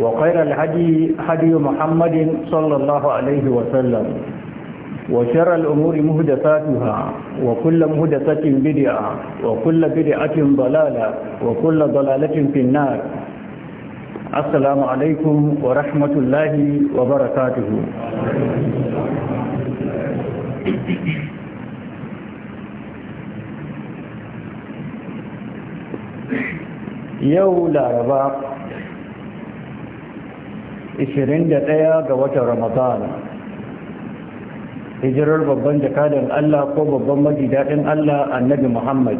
وخير الهدي هدي محمد صلى الله عليه وسلم وشر الأمور مهدفاتها وكل مهدفة بدعة وكل بدعة ضلالة وكل ضلالة في النار السلام عليكم ورحمة الله وبركاته يوم لا رباق 21 ga watan ramadana hijirar babban jakadan Allah ko babban majidadin Allah annabi Muhammad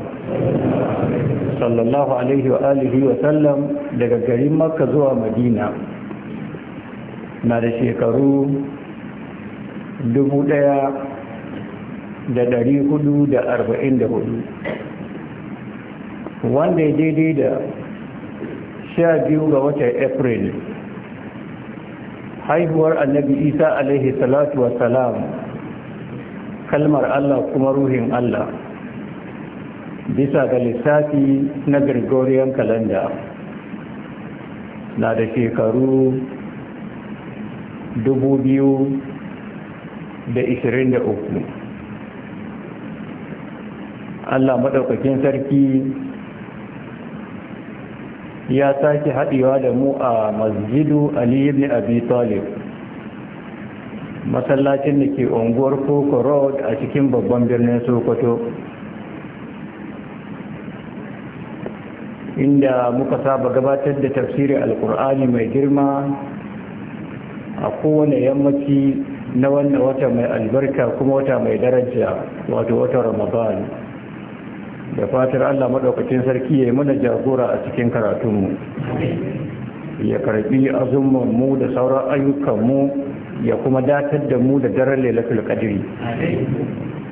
sallallahu alaihi wa alihi wa sallam daga garin Makka zuwa Madina na da shekaru 1444 wanda ya daidai da 12 ga watan April haihuwar annabi isa alaihi salatu wa salam kalmar allah kuma ruhin allah bisa ga lissafi na gregorian kalanda na da shekaru uku, allah maɗaukakin sarki ya sake haɗewa da mu a masjidu ali ibn abi talib masallacin da ke unguwar koko road a cikin babban birnin sokoto inda muka saba gabatar da tafsirin alkur'ani mai girma a kowane yammaci na wannan wata mai albarka kuma wata mai daraja wato wata ramadan da fatar Allah maɗaukacin sarki ya yi mana jagora a cikin karatunmu ya karbi mu da sauran ayyukanmu ya kuma datar da mu da daren lailatul qadri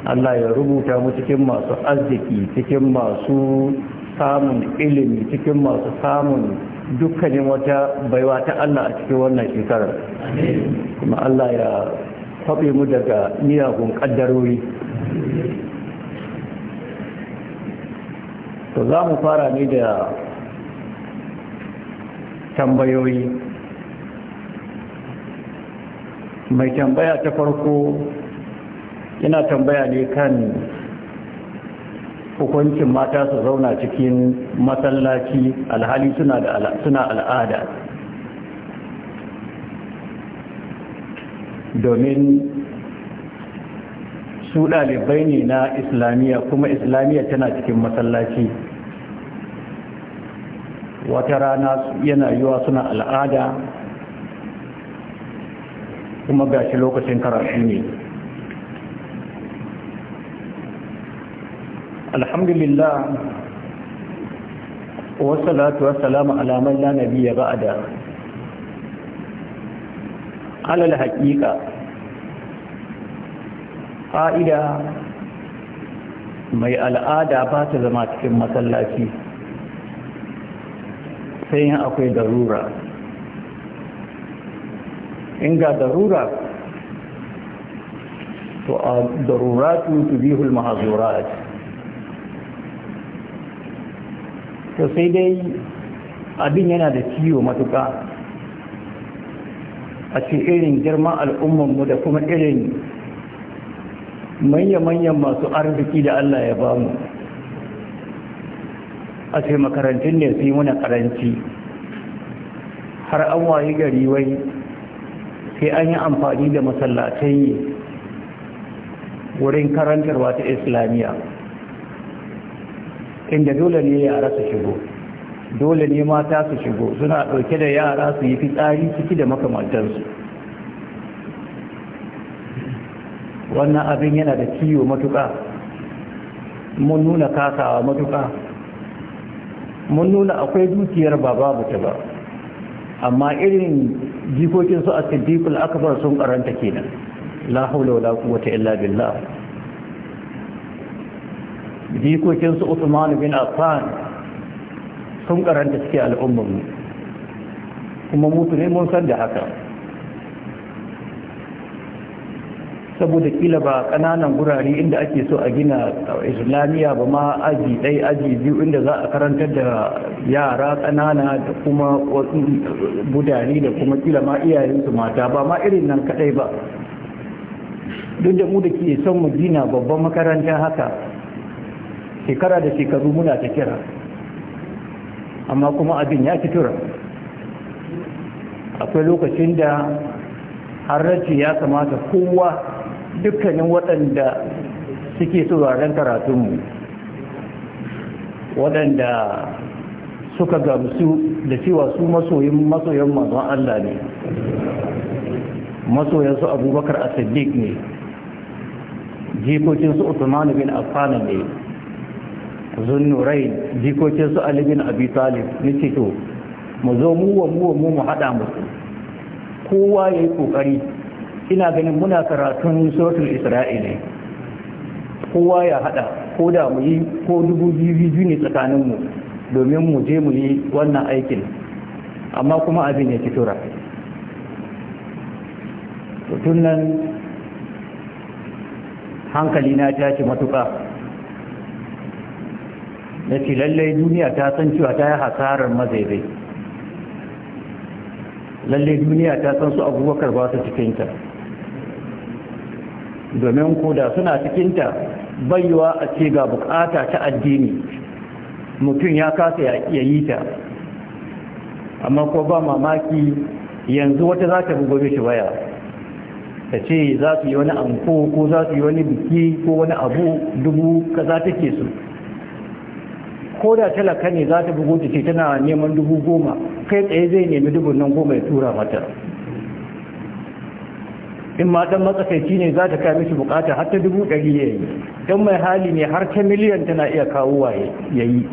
Allah ya rubuta mu cikin masu arziki cikin masu samun ilimi cikin masu samun dukkanin wata baiwa ta Allah a cikin wannan shekarar kuma Allah ya kwaɓe mu daga miyagun ƙaddarori to za mu fara ne da tambayoyi mai tambaya ta farko yana tambaya ne kan hukuncin mata su zauna cikin masallaci alhali suna al'ada domin su ɗalibai ne na islamiyya kuma islamiyya tana cikin masallaci wata rana yana yiwa suna al'ada kuma gashi lokacin karatu ne alhamdulillah wasalatu wasalamu alaman lanabi ya ba'ada alal haƙiƙa Fa'ida mai al'ada ba ta zama cikin masallaci sai yin akwai darura in ga darura to a daruratu tubihul mahazurat to sai dai abin yana da ciwo matuƙa a ce irin girman al'ummanmu da kuma irin manya-manyan masu arziki da Allah ya bamu a ce makarantun ne su yi muna karanci har an wayi gari wai sai an yi amfani da masallatai wurin karantarwa ta islamiyya inda dole ne yara su shigo dole ne mata su shigo suna ɗauke da yara su yi fitsari ciki da makamantansu. wannan abin yana da ciwo matuƙa mun nuna kasawa matuƙa mun nuna akwai dukiyar ba babu ta ba amma irin jikokin su a siddiqul akbar sun karanta kenan la haula wala quwwata illa billah jikokin su Uthman bin Affan sun karanta cikin al'ummar kuma mutu ne mun san da haka saboda kila ba kananan gurare inda ake so a gina islamiyya ba ma aji ɗai aji biyu inda za a karantar da yara kanana da kuma budari da kuma kila ma iyayensu mata ba ma irin nan kadai ba duk da mu da ke son mu gina babban makarantar haka shekara da shekaru muna ta kira amma kuma abin ya fitura akwai lokacin da harraci ya kamata kowa dukkanin waɗanda suke sauraren karatunmu waɗanda suka gamsu da cewa su masoyin masoyan mazan Allah ne masoyansu abubakar a siddiq ne jikokinsu usman bin Afana ne zunnurai jikokinsu ali bin abi talib ne ce to mu zo mu wa mu wa mu mu haɗa musu kowa ya yi ƙoƙari ina ganin muna karatun suratul isra'ili kowa ya hada ko da mu yi ko dubu biyu ne tsakaninmu domin mu je mu yi wannan aikin amma kuma abin ya ki tura tun nan hankali na tashi matuƙa Na ce lallai duniya ta san cewa ta yi hasarar mazaibai lallai duniya ta san su abubakar ba su cikinta domin koda da suna cikinta baiwa a ce ga bukata ta addini mutum ya kasa ya yi ta amma ko ba mamaki yanzu wata za ta gobe shi waya ta ce za su yi wani anko ko za su yi wani biki ko wani abu dubu kaza take su ko da talaka ne za ta bugo ce tana neman dubu goma kai tsaye zai nemi dubu nan goma ya tura mata in ma dan matsakaici ne za ta kai mishi bukata har ta dubu ɗari ya yi don mai hali ne har ta miliyan tana iya kawo waye, ya yi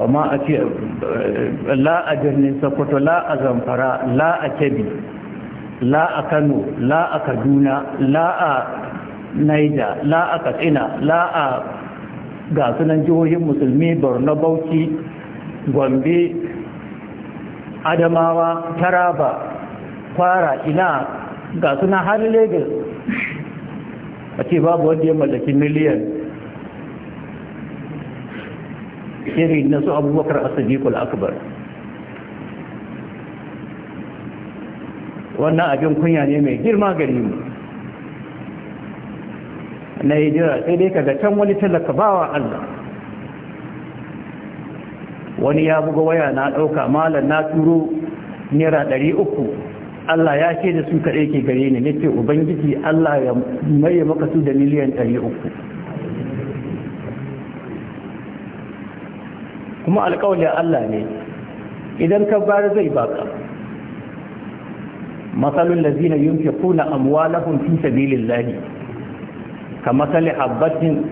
amma a ce eh, la a birnin sokoto la a zamfara la a kebbi la a kano la a kaduna la a naija la a katsina la a gasunan jihohin musulmi borno bauchi gombe adamawa taraba kwara ina ga suna har lagos a ce babu wanda ya mallaki miliyan shiri na su abubakar asadikul akbar wannan abin kunya ne mai girma gari mu na yi jira sai dai kaga can wani talaka bawa allah wani ya buga waya na ɗauka malam na turo naira ɗari uku Allah ya ce da su kaɗai ke gare ni nace ubangiji Allah ya maye maka su da miliyan ɗari uku kuma alƙawalin Allah ne idan ka bar zai baka masalul lazina yunfiquna amwalahum fi sabilillahi kamasali habbatin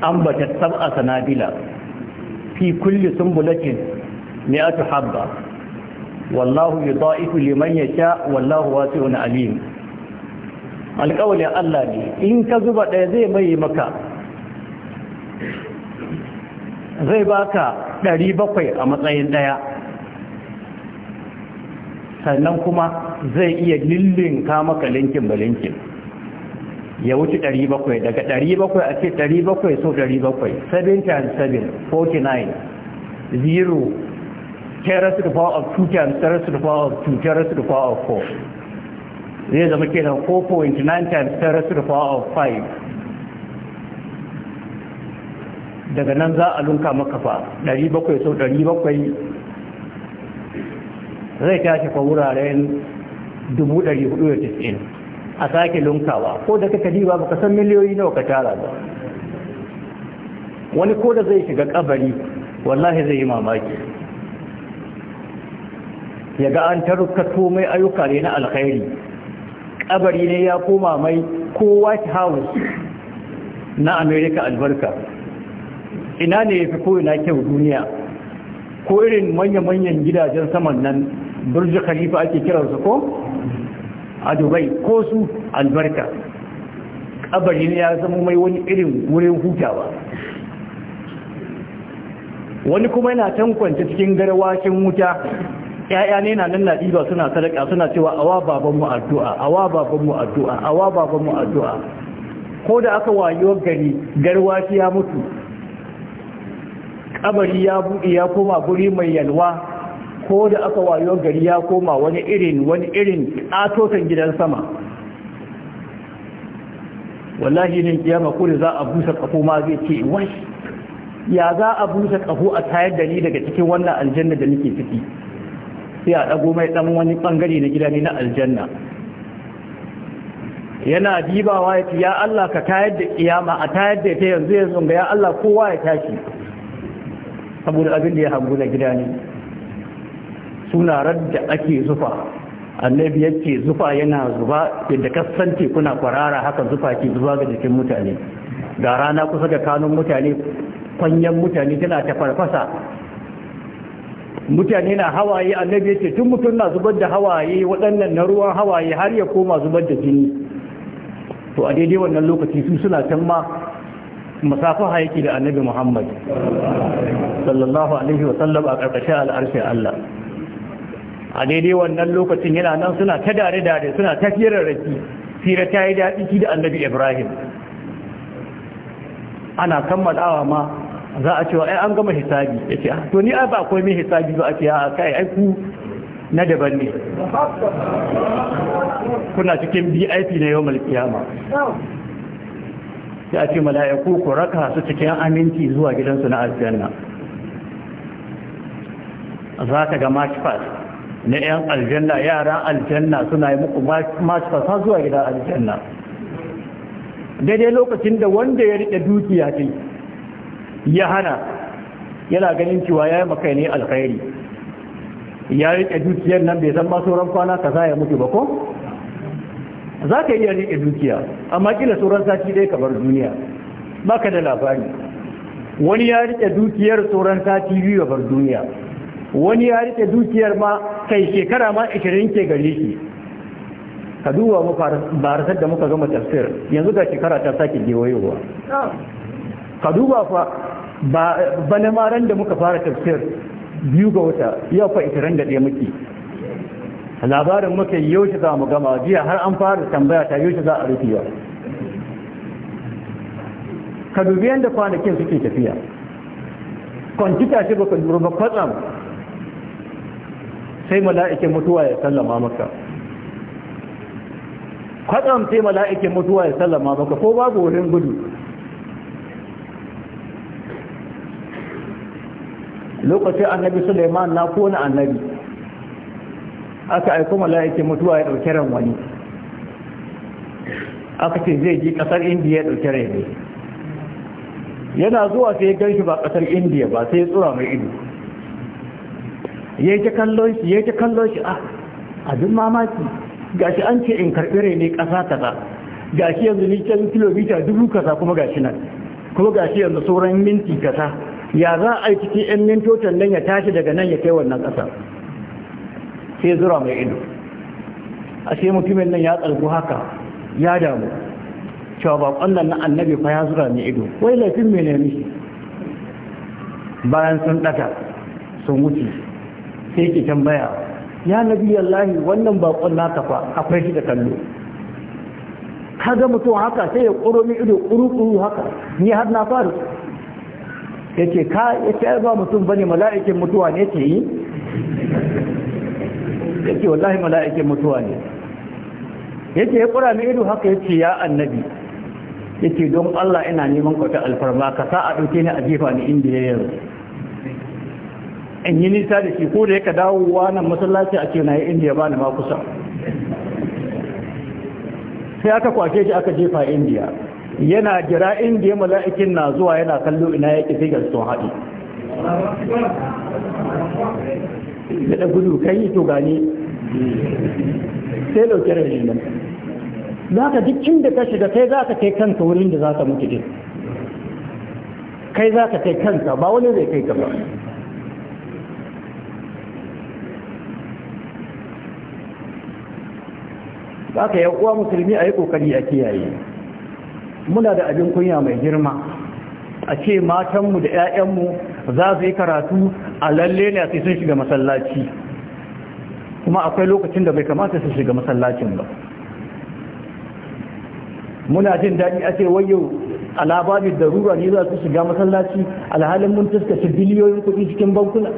ambatat sab'a sanabila fi kulli sumbulatin mi'atu habba wallahu yudha'ifu liman yasha wallahu wasi'un alim alƙawlin Allah ne in ka zuba ɗaya zai mai maka zai baka ɗari bakwai a matsayin ɗaya sannan kuma zai iya lillinka maka linkin ba linkin ya wuce 700 daga 700 a ce 700 sau 700 7 times 49 0 terrace to the power of 2 times terrace to the power of 2 terrace to the power of 4 zai zama kenan 4.9 times terrace to the power of 5 daga nan za a lunka maka 700 sau 700 zai tashi fa wuraren 490 a sake lunkawa ko da kaka diba baka san miliyoyi nawa ka tara ba wani ko da zai shiga kabari wallahi zai yi mamaki ya ga an tarukkato mai ayyuka ne na alkhairi kabari ne ya koma mai ko white house na america albarka ina ne ya fi ko'ina kyau duniya ko irin manya-manyan gidajen saman nan burji khalifa ake kiransu ko a dubai ko su albarka kabari ne ya zama mai wani irin wurin hutawa wani kuma yana tankwanta cikin garwashin wuta ‘ya'ya ne na nan naɗiba suna sadaka suna cewa awa babanmu addu'a awa babanmu addu'a awa babanmu addu'a ko da aka wayo gari garwashi ya mutu kabari ya buɗe ya koma guri mai yalwa ko da aka wayo gari ya koma wani irin wani irin atotan gidan sama wallahi ne kiyama ko da za a busa kafo ma zai ce wai ya za a busa kafo a tayar da ni daga cikin wannan aljanna da nake ciki sai a dago mai dan wani bangare na gidane na aljanna yana dibawa ya ce ya Allah ka tayar da kiyama a tayar da ta yanzu yanzu ga ya Allah kowa ya tashi saboda abin da ya hangu na gidane ne suna radda ake zufa annabi yake zufa yana zuba yadda kasan tekuna kwarara haka zufa ke zuba ga jikin mutane ga rana kusa da kanun mutane kwanyen mutane tana ta farfasa mutane na hawaye annabi yake tun mutum na zubar da hawaye waɗannan na ruwan hawaye har ya koma zubar da jini to a daidai wannan lokaci su suna can ma masafaha yake da annabi muhammad sallallahu alaihi wasallam a ƙarƙashin al'arshin allah a daidai wannan lokacin yana nan suna ta dare-dare suna ta rarraki fira ta yi daɗi da annabi ibrahim ana kammalawa ma za a cewa ai an gama hisabi ya ce ah, to ni ai ba akwai mai hisabi ba a ce a ah, kai ai na daban ne kuna cikin bip na yau malkiyama ya ce mala'iku ku raka su cikin aminci zuwa gidansu na aljanna za ka ga match pass na 'yan aljanna yaran aljanna suna yi muku masu fasa zuwa gida aljanna daidai lokacin da wanda ya riƙe dukiya ce ya hana yana ganin cewa ya yi makai ne alkhairi ya riƙe dukiyar nan bai san masu sauran kwana za ya mutu ba ko za ka iya riƙe dukiya amma kila sauran sati ɗaya kamar duniya ba ka da labari wani ya riƙe dukiyar sauran sati biyu kamar bar duniya wani ya rike dukiyar ma kai shekara ma 20 ke gare shi ka duba mu barasar da muka gama tafsir yanzu ga shekara ta sake gewayowa ka duba fa bane maran da muka fara tafsir biyu ga wata yau fa 21 muke labarin muka yau shi za mu gama jiya har an fara tambaya ta yau shi za a rufewa ka dubi yadda kwanakin suke tafiya kwanci shi ba ka duru ba kwatsam sai mala'ikin mutuwa ya sallama maka kwatsam sai mala'ikin mutuwa ya sallama maka ko babu wurin gudu lokacin annabi suleiman na kona annabi aka aiko mala'ikin mutuwa ya ɗauki ran wani aka ce zai ji ƙasar indiya ya ɗauki rai ne yana zuwa sai ya gan shi ba ƙasar indiya ba sai ya tsura mai ido Ya yi ta kallon shi yi ta kallon shi a ah, abin mamaki ga shi an ce in ƙasa rene kasa ga shi yanzu ni can kilomita dubu kaza kuma ga shi nan kuma shi yanzu sauran minti kasa ya za a yi cikin 'yan mintocin nan ya tashi daga nan ya kai wannan ƙasa sai zura mai ido a sai mutumin nan ya tsargu haka ya damu cewa ba ƙwallon na annabi fa ya zura mai ido wai laifin mai nemi bayan sun ɗaga sun wuce sai ke tambaya ya nabi yallahi wannan bakon naka fa akwai shi da kallo kaga mutum haka sai ya kuro mi ido kuru kuru haka ni har na ya yace ka yace ba mutum bane mala'ikin mutuwa ne ke yi yace wallahi mala'ikin mutuwa ne ce ya kura mi ido haka ce ya annabi ce don Allah ina neman kwata alfarma ka sa a dauke ni a jefa ni inda ya yanzu in yi nisa da shi ko da yaka dawowa nan masallaci a ce na yi indiya ba ni ma kusa sai aka kwashe shi aka jefa indiya yana jira indiya mala'ikin na zuwa yana kallo ina ya ƙi figar sun haɗi da ɗan gudu kan yi to gani sai ɗauki da nan za ka duk inda ka shiga kai za ka kai kanka wurin da za ka mutu din kai za ka kai kanka ba wani zai kai ka ba za ka uwa musulmi a yi ƙoƙari a kiyaye muna da abin kunya mai girma a ce matanmu da 'ya'yanmu za su yi karatu a lalle ne sai sun shiga masallaci kuma akwai lokacin da bai kamata su shiga masallacin ba muna jin daɗi a ce wayo a labarin da darura ne za su shiga masallaci alhalin mun tuskaci biliyoyin kuɗi cikin bankuna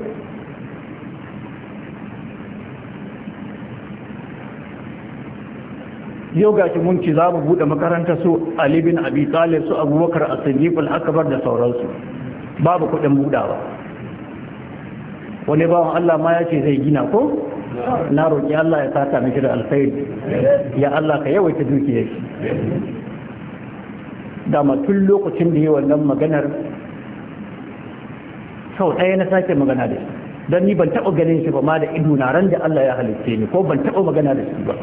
yau ga mun munci za mu buɗe makaranta su Ali bin Abi Talib su Abubakar As-Siddiq al-Akbar da sauransu babu kuɗin budawa wani bawan Allah ma ya ce zai gina ko na roƙi Allah ya saka miki da alkhairi ya Allah ka yawaita dukiyar ma tun lokacin da yi wannan maganar sau ɗaya na sake magana da shi don ni ban taɓa ganin shi ba ma da ido na ran da Allah ya halitta ni ko ban taɓa magana da shi ba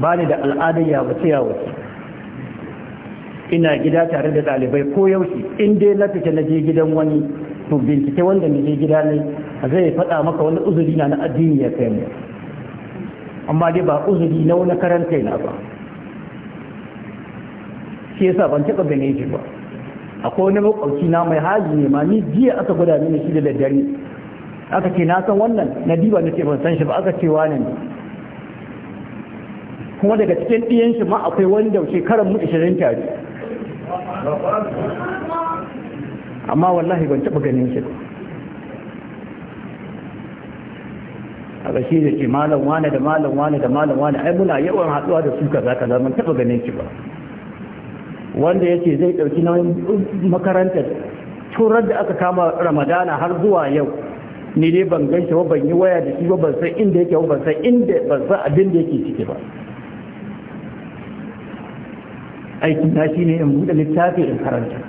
ba ni da al'adar yawace yawace ina gida tare da ɗalibai ko yaushe in dai na fita na je gidan wani to bincike wanda na je gida ne zai faɗa maka wani uzuri na addini ya kai mu amma dai ba uzuri na wani karanta na ba shi yasa ban taɓa gane shi ba akwai wani makwauci na mai haji ne ma ni jiya aka gwada mini shi da daddare aka ce na san wannan na diba na ce ban san shi ba aka cewa wani ne kuma daga cikin ɗiyan shi ma akwai wanda shekarar mu 20 tare amma wallahi ban taɓa ganin shi a gashi da ke malam wane da malam wane da malam wane ai muna yawan haɗuwa da su kaza kaza zama taɓa ganin shi ba wanda yake zai ɗauki na makarantar turar da aka kama ramadana har zuwa yau ni dai ban gan shi ba ban yi waya da shi ba ban san inda yake ba ban san inda ban san abin da yake ciki ba aikin na shi ne in buɗe littafi in karanta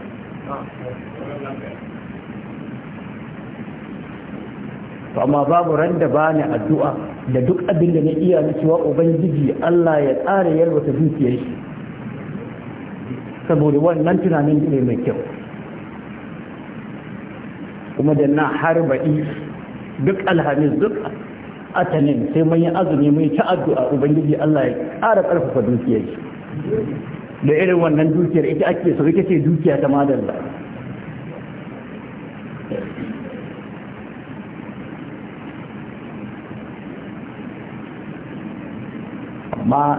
to amma babu ran da ba ni addu'a da duk abin da na iya na cewa ubangiji Allah ya tsara ta dukiyar shi saboda wannan tunanin ne mai kyau kuma da na harba'i duk alhamis duk atanin sai mun yi azumi mun yi ta addu'a ubangiji Allah ya ƙara ƙarfafa dukiyar shi da irin wannan dukiyar ita ake so ita ce dukiya ta madalla amma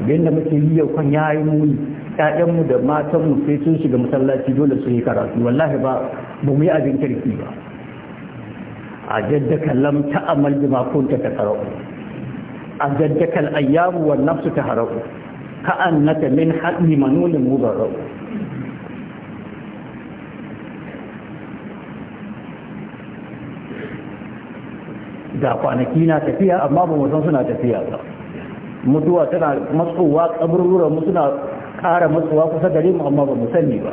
abinda muke yi yau kan yayi muni ƴaƴanmu da matanmu sai sun shiga masallaci dole su yi karatu wallahi ba mu yi abin kirki ba a jaddaka lam ta'amal bima kunta karau a jaddaka al-ayyamu wan nafsu harau ta min haɗi manulin mubarrau da kwanaki na tafiya amma ba san suna tafiya ba mutuwa tana matsowa kaburburan mu suna ƙara matsowa kusa gare mu amma ba mu sani ba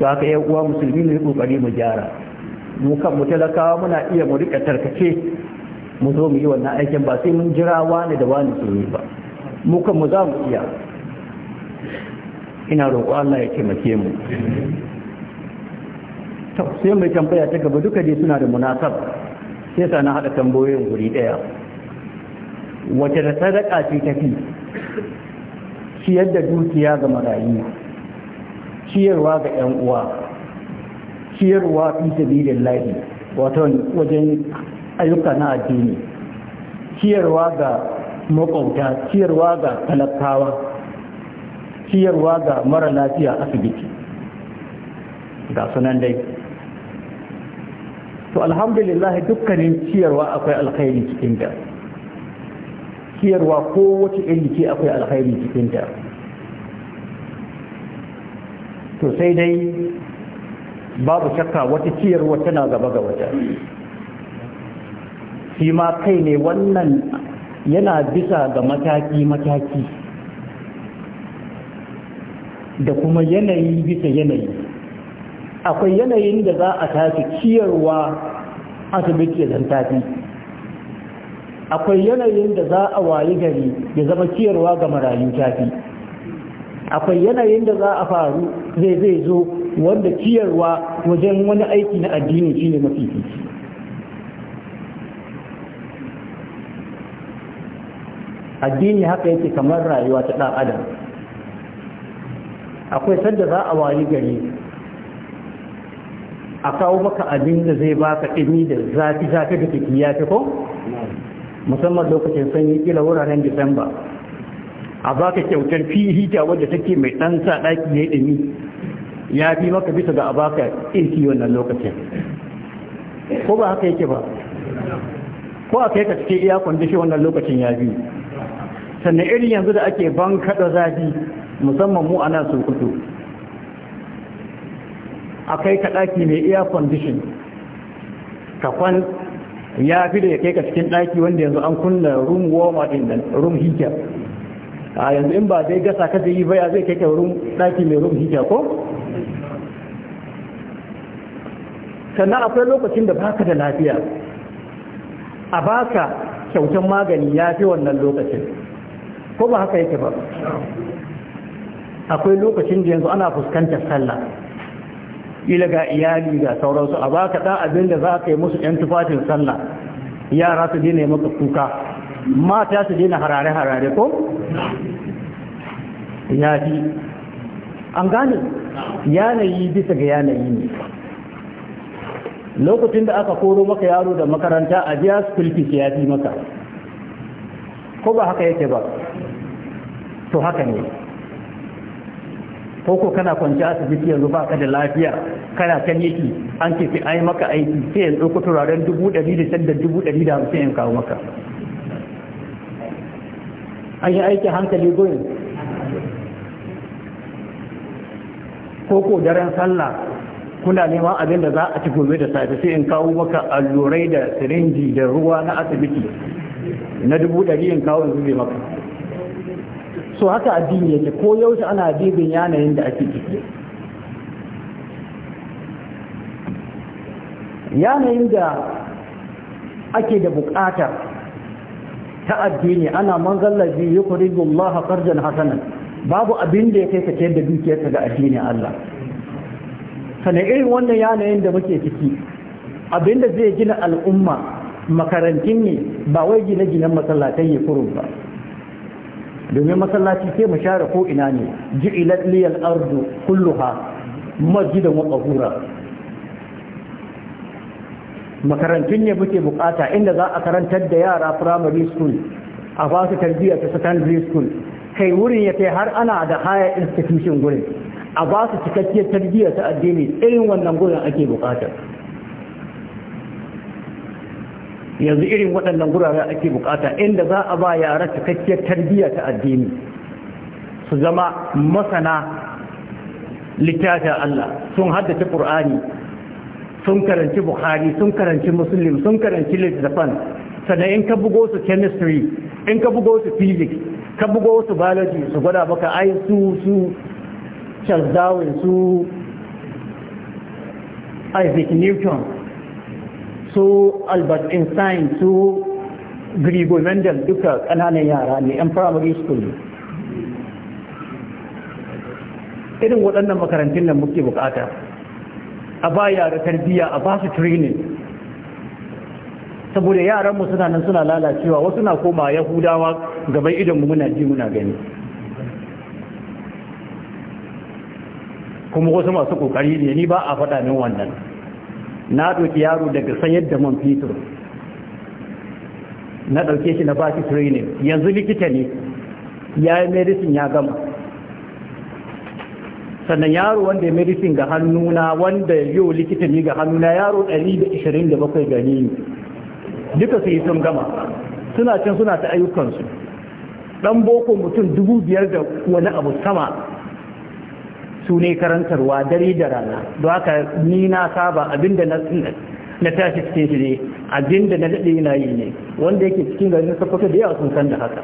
Ba ka yi uwa musulmi ne ƙoƙari mu gyara mu kan mu talakawa muna iya mu rika tarkace mu zo mu yi wannan aikin ba sai mun jira wani da wani su yi ba mu kan mu za mu iya ina roƙo Allah ya taimake mu to sai mai tambaya ta gaba duka dai suna da munasab sai sa na haɗa tambayoyin guri ɗaya wace da sadaka ce tafi ciyar da dukiya ga marayu ciyarwa ga 'yan uwa ciyarwa fi sabilillahi wato wajen ayyuka na addini ciyarwa ga makwauta ciyarwa ga talakawa ciyarwa ga mara lafiya asibiti ga sunan dai to alhamdulillah dukkanin ciyarwa akwai alkhairi cikinta ciyarwa kowace iliki akwai alkhairi cikinta to sai dai babu shakka wata ciyarwa tana gaba ga wata shi ma kai ne wannan yana bisa ga mataki-mataki da kuma yanayi bisa yanayi akwai yanayin da za a tashi ciyarwa asibiti zan tafi akwai yanayin da za a wayi gari ya zama ciyarwa ga marayu tafi akwai yanayin da za a faru zai zai zo wanda ciyarwa wajen wani aiki na addini shine mafifici addini haka yake kamar rayuwa ta ɗan adam akwai sanda za a wayi gari a kawo maka abin da zai baka ɗini da zafi zafi da kiki ya fi ko musamman lokacin sanyi kila wuraren disamba a baka kyautar fi hita wadda take mai ɗan sa ɗaki ya ɗini ya bi maka bisa ga abaka irki wannan lokacin ko ba haka yake ba ko a kai ka cikin iya kwandishi wannan lokacin ya bi sannan irin yanzu da ake ban kada zafi musamman mu ana su kudu a kai ka ɗaki mai iya kwandishin ka kwan ya fi da ya kai ka cikin ɗaki wanda yanzu an kunna room warmer din room heater a yanzu in ba dai gasa kada yi baya zai kai wurin ɗaki mai rubu hijja ko sannan akwai lokacin da baka da lafiya a baka kyautan magani ya fi wannan lokacin ko ba haka yake ba akwai lokacin da yanzu ana fuskantar sallah ila ga iyali ga sauransu a baka ɗan abin da za ka yi musu ‘yan tufafin sallah yara su dina maka kuka mata su daina harare-harare ko? ya fi an gane yanayi bisa ga yanayi ne lokacin da aka koro maka yaro da makaranta a biya sulfis ya fi maka ko ba haka yake ba to haka ne ko ko kana kwanci asibiti yanzu ba ka da lafiya kana kan yake an ke fi ai maka aiki sai yanzu kuturaren turaren dubu ɗari da sanda dubu ɗari da hamsin kawo maka an yi aiki hankali gurin ko ko daren sallah kuna neman abin da za a ci gobe da safe sai in kawo maka allurai da sirinji da ruwa na asibiti na dubu ɗari in kawo zube maka so haka addini yake ko yaushe ana bibin yanayin da ake ciki yanayin da ake da buƙatar ta addini ana man zallabi yuqridu Allah qardan hasanan babu abin da ya kai ka da ta ga addinin Allah sane irin wannan yanayin da muke ciki abin da zai gina al'umma makarantun ne ba wai gine-ginen masallatai ya kurun ba domin masallaci sai mu share ko ina ne ji'ilat liyal ardu kulluha masjidan wa qahura makarantun ne muke bukata inda za a karantar da yara primary school a fasu tarbiyyar ta secondary school kai wurin ya kai har ana da higher institution gurin a ba su cikakkiyar tarbiyyar ta addini irin wannan gurin ake bukata yanzu irin waɗannan gurare ake bukata inda za a ba yara cikakkiyar tarbiyya ta addini su zama masana littafin Allah sun haddace Qur'ani sun karanci Buhari, sun karanci muslim sun karanci littafan sannan in ka bugo su chemistry in ka bugo su physics ka bugo su biology su gwada baka ai su su Charles Darwin su Isaac Newton su Albert Einstein su Grigor Mendel duka ƙananan yara ne yan primary school irin waɗannan makarantun nan muke bukata a ba yara tarbiyya a ba su training saboda yaran mu suna nan suna lalacewa wasu na koma yahudawa gaban idan mu muna ji muna gani kuma wasu masu kokari ne ni ba a faɗa min wannan na ɗauki yaro daga sayar da man fitur na ɗauke shi na ba shi training yanzu likita ne ya yi medicine ya gama sannan yaro wanda ya medicine ga hannuna wanda yau likita ne ga hannuna yaro 127 gani ne duka su yi sun gama suna can suna ta ayyukansu Ɗan boko mutum dubu da wani abu sama su ne karantarwa dare da rana da haka ni na saba abinda na tashi cikin shi ne abinda na daɗe yana yi ne wanda yake cikin garin sakwato da yawa sun san da haka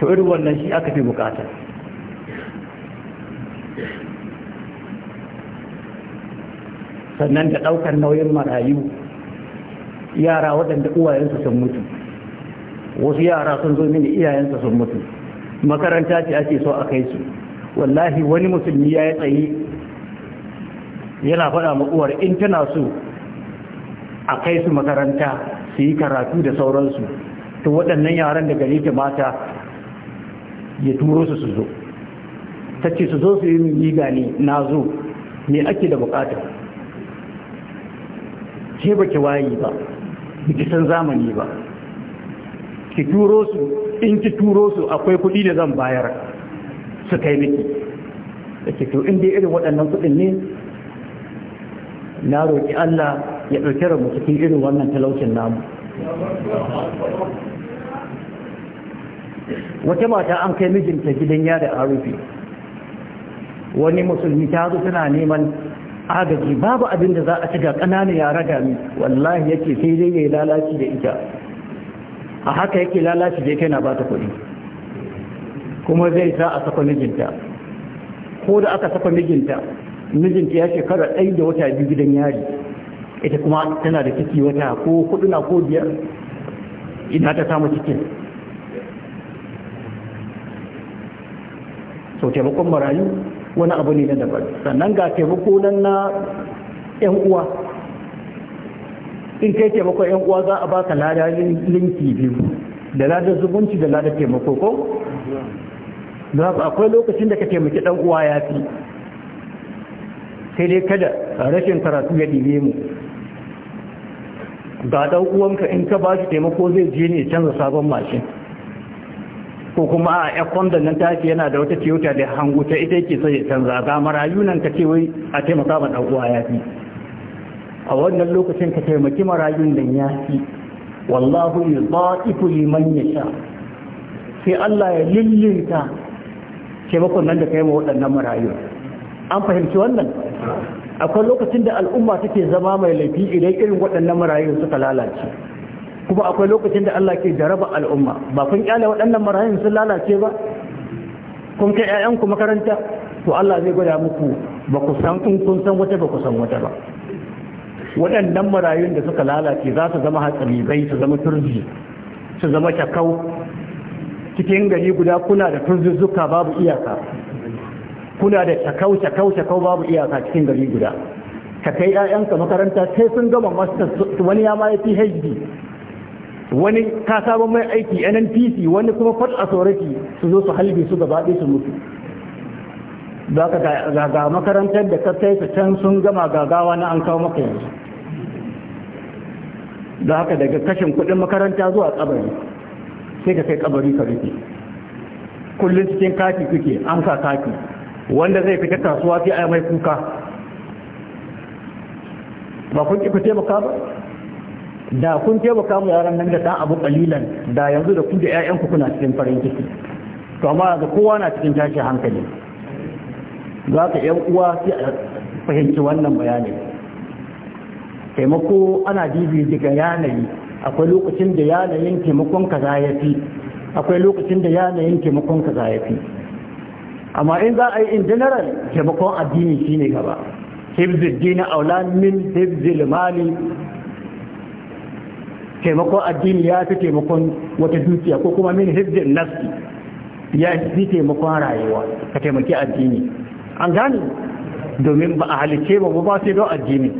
to irin wannan shi aka fi bukata sannan da ɗaukar nauyin marayu yara waɗanda uwayensu sun mutu wasu yara sun zo mini iyayensu sun mutu makaranta ce ake so a kai su wallahi wani musulmi ya yi tsaye yana faɗa ma uwar in tana so a kai su makaranta su yi karatu da sauransu to waɗannan yaran da gani ta mata ya turo su su zo ta ce su zo su yi min gani ne na zo me ake da bukata ke ba ki waye ba ki san zamani ba ki turo su in ki turo su akwai kuɗi da zan bayar su kai miki da ke to in irin waɗannan kuɗin ne na roƙi Allah ya ɗauki mu cikin irin wannan talaucin namu wata mata an kai mijinta gidan yada a rufe wani musulmi ta zo tana neman agaji babu abin da za a ci ga ƙananan yara gami wallahi yake sai dai yayi lalaci da ita a haka yake lalaci da ita na ba ta kuɗi kuma zai sa a saka mijinta ko da aka saka mijinta mijinta ya shekara ɗai da wata biyu gidan yari ita kuma tana da ciki wata ko kuɗina na ko biyar ina ta samu cikin sau taimakon marayu wani abu ne na daban sannan ga taimako nan na 'yan uwa in kai taimakon 'yan uwa za a baka lada linki biyu da lada zumunci da lada taimako ko? za ku akwai lokacin da ka taimaki ɗan uwa ya fi sai dai kada rashin karatu ya dibe mu ga ɗan uwanka in ka ba shi taimako zai je ne canza sabon mashin ko kuma a yakon da nan tafi yana da wata tiyota da hangu ta ita yake sai canza ga marayu nan ka ce wai a taimaka ma ɗan uwa ya fi a wannan lokacin ka taimaki marayun nan ya fi wallahu yudha'ifu liman yasha sai Allah ya lillinta taimakon nan da kai ma waɗannan marayu an fahimci wannan akwai lokacin da al'umma take zama mai laifi idan irin waɗannan marayu suka lalace kuma akwai lokacin da Allah ke jaraba al'umma ba kun kyale waɗannan marayun sun lalace ba kun kai 'ya'yanku makaranta to Allah zai gwada muku ba ku san in kun san wata ba ku san wata ba waɗannan marayun da suka lalace za su zama hatsari bai su zama turji su zama cakau cikin gari guda kuna da turzuzzuka babu iyaka kuna da cakau cakau cakau babu iyaka cikin gari guda ka kai 'ya'yanka makaranta sai sun gama masters wani ya ma ya phd wani ka sabon mai aiki nnpc wani kuma port authority su zo su halbe su gaba ɗaya su mutu za ka ga makarantar da ka kai su can sun gama gagawa na an kawo maka yanzu da haka daga kashin kuɗin makaranta zuwa kabari sai ka kai kabari ka rufe kullum cikin kati kuke an ka kati wanda zai fita kasuwa sai a mai kuka ba kun ki ku taimaka ba da kun taimaka mu yaran nan da ɗan abu kalilan da yanzu da kun da 'ya'yanku kuna cikin farin ciki to amma ga kowa na cikin tashi hankali za ka ‘yan uwa sai a fahimci wannan bayani taimako ana dibi daga yanayi akwai lokacin da yanayin taimakon ka akwai lokacin da yanayin taimakon ka amma in za a yi in general taimakon addini shine gaba hibzul dini aula min hibzul mali taimakon addini ya fi taimakon wata dukiya ko kuma min hizbin nafsi ya fi taimakon rayuwa ka taimaki addini an gani domin ba a halice ba ba sai don addini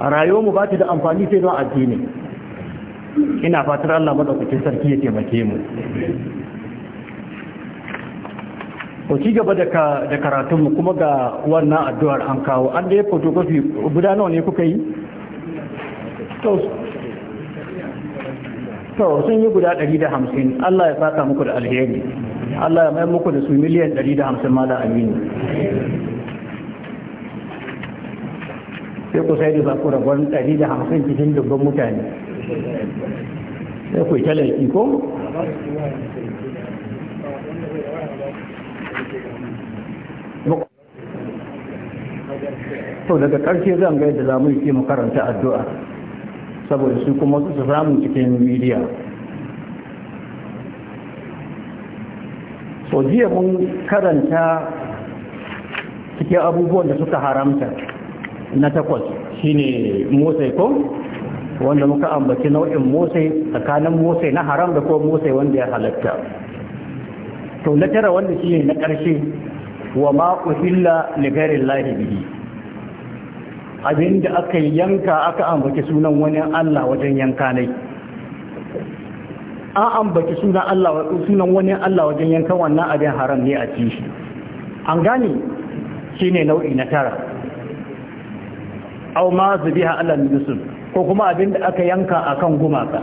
rayuwa mu ba ta da amfani sai don addini ina fatar Allah madaukakin sarki ya taimake mu ko ci gaba da da karatunmu kuma ga wannan addu'ar an kawo an da ya photography guda nawa ne kuka yi to sun yi guda 150 Allah ya saka muku da alheri Allah ya mai muku da su miliyan 150 da amini sai ku sai da ku rabon 150 cikin dubban mutane sai ku yi talaki ko? to daga ƙarshe zan ga yadda za mu yi addu'a saboda su kuma su samun cikin midiya. so jiya mun karanta cikin abubuwan da suka haramta na takwas shine motsai ko wanda muka ambaci nau'in motsai tsakanin motsai na haram da ko motsai wanda ya halatta to na tara wanda shine na ƙarshe wa ma ligarin lahibi abinda aka yanka aka ambaci sunan wani Allah wajen yanka ne an ambaci sunan Allah sunan wani Allah wajen yanka wannan abin haram ne a ci shi an gane shine nau'i na tara aw ma zubiha ala nusul ko kuma abin da aka yanka akan gumaka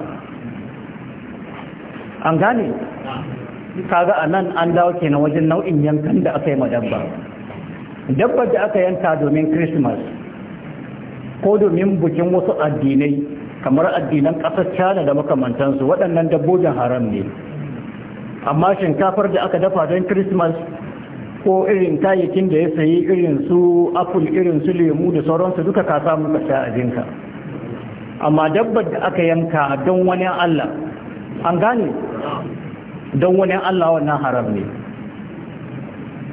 an gane kaga anan an dawo kenan wajen nau'in yankan da aka yi ma dabba dabbar da aka yanka domin christmas ko domin bukin wasu addinai kamar addinan ƙasar cana da makamantansu waɗannan dabbobin haram ne amma shinkafar da aka dafa don christmas ko irin kayayyakin da ya sayi irin su apple irin su lemu da sauransu duka ka samu ka sha abinka amma dabbar da aka yanka don wani allah an gane don wani allah wannan haram ne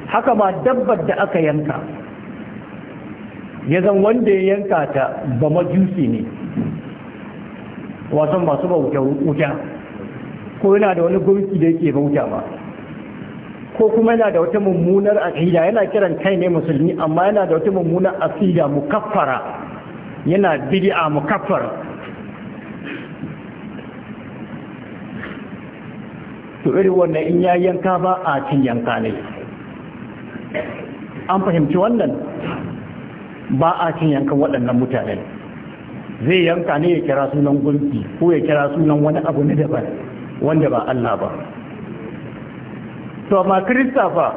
haka ma dabbar da aka yanka ya zan wanda ya yanka ta ba majusi ne wasan masu bauta wuta ko yana da wani gurki da yake bauta ba ko kuma yana da wata mummunar aqida yana kiran kai ne musulmi amma yana da wata mummunar aqida mukaffara yana bid'a kaffara. to irin wannan in ya yanka ba a cin yanka ne an fahimci wannan ba a cin yankan waɗannan mutane zai yanka ne ya kira sunan gunki ko ya kira sunan wani abu na daban wanda ba Allah ba to ma krista fa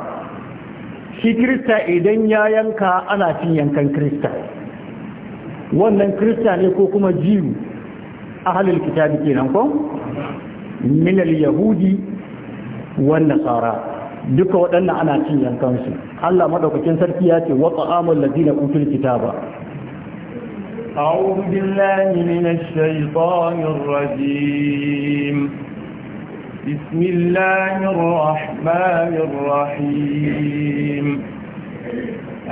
shi kirista idan ya yanka ana cin yankan kirista wannan kirista ne ko kuma a halin kitabi kenan ko minal yahudi wannan tsara duka waɗannan ana cin yankansu Allah madaukakin sarki ya ce wa ta'amul ladina utul kitaba أعوذ بالله من الشيطان الرجيم بسم الله الرحمن الرحيم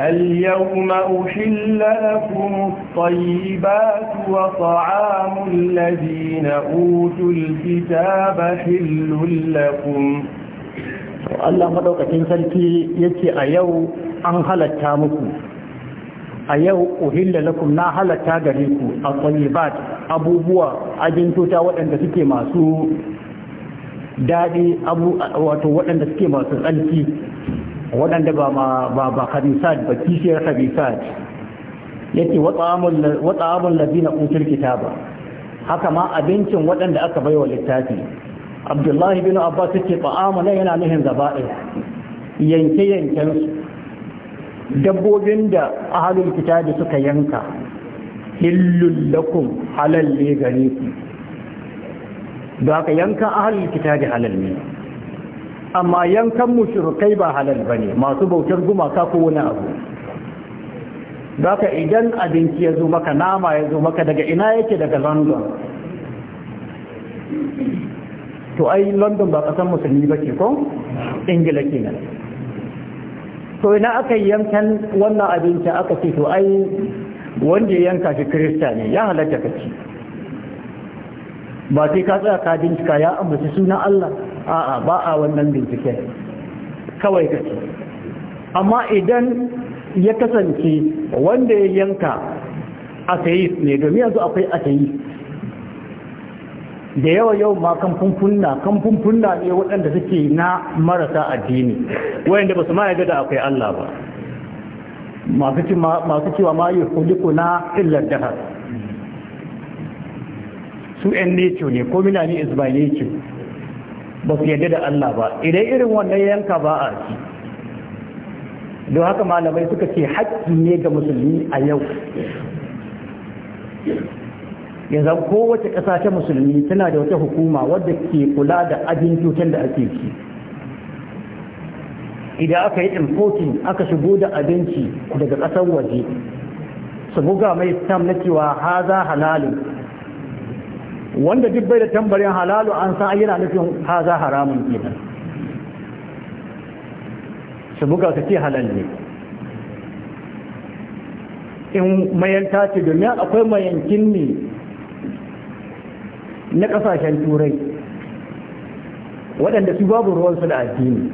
اليوم أحل لكم الطيبات وطعام الذين أوتوا الكتاب حل لكم Allah madaukakin sarki yace a yau an halatta muku a yau uhilla lakum na halatta gare ku a tsayibat abubuwa ajintuta waɗanda suke masu daɗi wato waɗanda suke masu tsarki waɗanda ba ba ba ba kishiyar khabisat yake watsa abun na kutar kitaba haka ma abincin waɗanda aka baiwa littafi abdullahi bin abbas yake ta'amala yana nuhin zaba'ir yanke yanken su dabbobin da ahalul kitabi suka yanka hillul lakum halal ne gare ku da ka yanka ahalul kitabi halal ne amma yankan mushrikai ba halal bane masu bautar gumaka ko wani abu da ka idan abinci ya zo maka nama ya zo maka daga ina yake daga london to ai london ba kasan musulmi ba ce ko ingila kenan to ina aka yankan wannan abinci aka ce to ai wanda ya yanka shi kirista ne ya halatta ka ci ba sai ka tsaya ka bincika ya ambaci sunan Allah a'a ba a wannan bincike kawai ka ci amma idan ya kasance wanda ya yanka atheist ne domin yanzu akwai atheist da yawa yau ma kan kamfunfunna ne waɗanda suke na marasa addini wayanda ba su ma yaga da akwai Allah ba masu cewa ma yi huliku na illar dahar su yan ne ko mina ne is by ba su yadda da Allah ba idan irin wannan yanka ba a ci don haka malamai suka ce haƙƙi ne ga musulmi a yau yanzu kowace ƙasa ta musulmi tana da wata hukuma wadda ke kula da abin cutar da ake ci idan aka yi importing aka shigo da abinci daga ƙasar waje su buga mai tam na cewa haza halalin wanda duk bai da tambarin halalu an san yana nufin haza haramun kenan su buga su ce halal ne in mayanta ce domin akwai mayankin ne na kasashen turai waɗanda su babu ruwansu da addini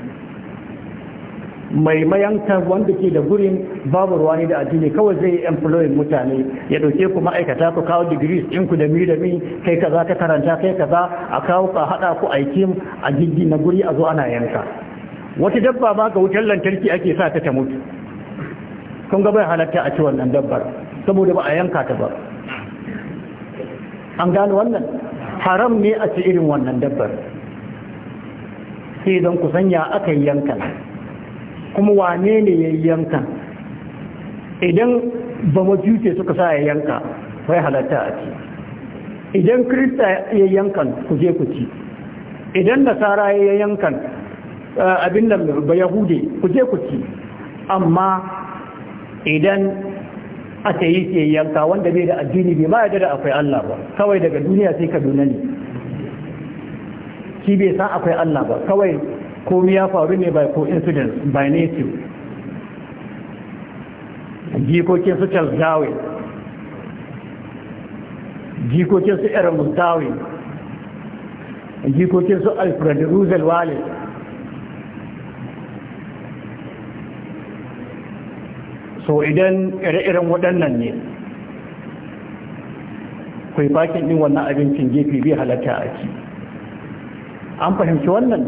mai mayanka wanda ke da gurin babu ruwa ne da addini kawai zai employ mutane ya ɗauke ku ma'aikata ku kawo degrees in ku da mi da mi kai kaza ka karanta kai kaza a kawo ka hada ku aikin a gidi na guri a zo ana yanka wata dabba ma ga wutar lantarki ake sa ta ta mutu kun ga bai halatta a ci wannan dabbar saboda ba a yanka ta ba an gano wannan haram ne a ci irin wannan dabbar sai don ku sanya aka yankan kuma wane ne ya yankan idan ba suka sa ya yanka bai halatta a ci idan krista ya yankan ku je ku ci idan nasara ya yankan eh, abin da ba yahude ku je ku ci amma idan a ta ke yanka wanda bai da addini bai ma da akwai Allah ba kawai daga duniya sai ka Kaduna ne shi bai san akwai Allah ba kawai komai ya faru ne by coincidence by nature jikokin su Charles Darwin jikokin su Aaron Darwin jikokin su Alfred Russel Wallace to idan ire-iren waɗannan ne kai bakin ɗin wannan abincin gefe bai halatta a ci an fahimci wannan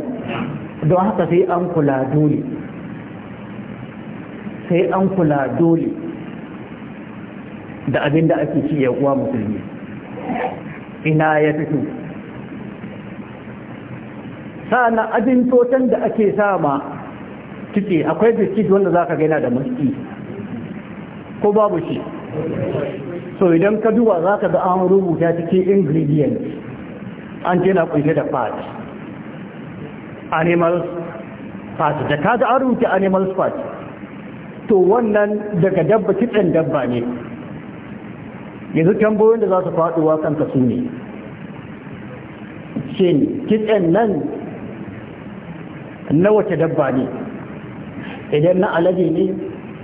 don haka sai an kula dole sai an kula dole da abin da ake ci uwa musulmi ina ya fito sa'ana abin totan da ake sama ciki akwai biskit wanda za ka gaina da maski ko babu shi so idan ka duba za ka ga an rubuta cikin ingredients an ce na kunshe da fat animal fat da ka ga an rubuta animal fat to wannan daga dabba kitsen dabba ne yanzu tambayoyin da za su wa kanka su ne shin kitsen nan na wace dabba ne idan na alade ne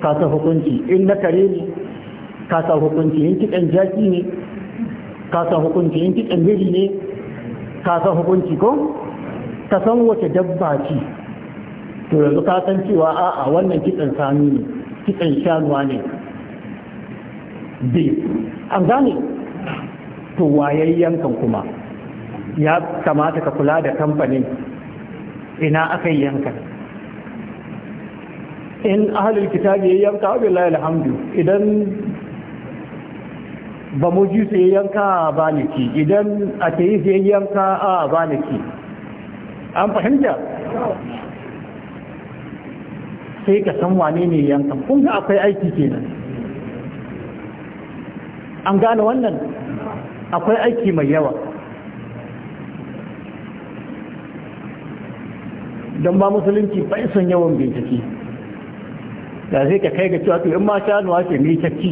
kasa hukunci in na kare ne kasa hukunci in kiɗan jaki ne kasa hukunci in kiɗan biri ne kasa hukunci ko ka san wace dabba ce to yanzu ka san cewa a'a wannan kiɗan sami ne kiɗan shanuwa ne bi an gane to wayayyen yankan kuma ya kamata ka kula da kamfanin ina aka yi yankan in ahalin kitabi ya yanka billahi alhamdu idan ba mu ji sai yanka ba ki, idan a ta yi sai yanka a ba ki, an fahimta sai ka san wane ne yanka kun ga akwai aiki kenan an gane wannan akwai aiki mai yawa don ba musulunci bai son yawan bincike da zai ka kai ga cewa to in ma nuwa ce mai tacci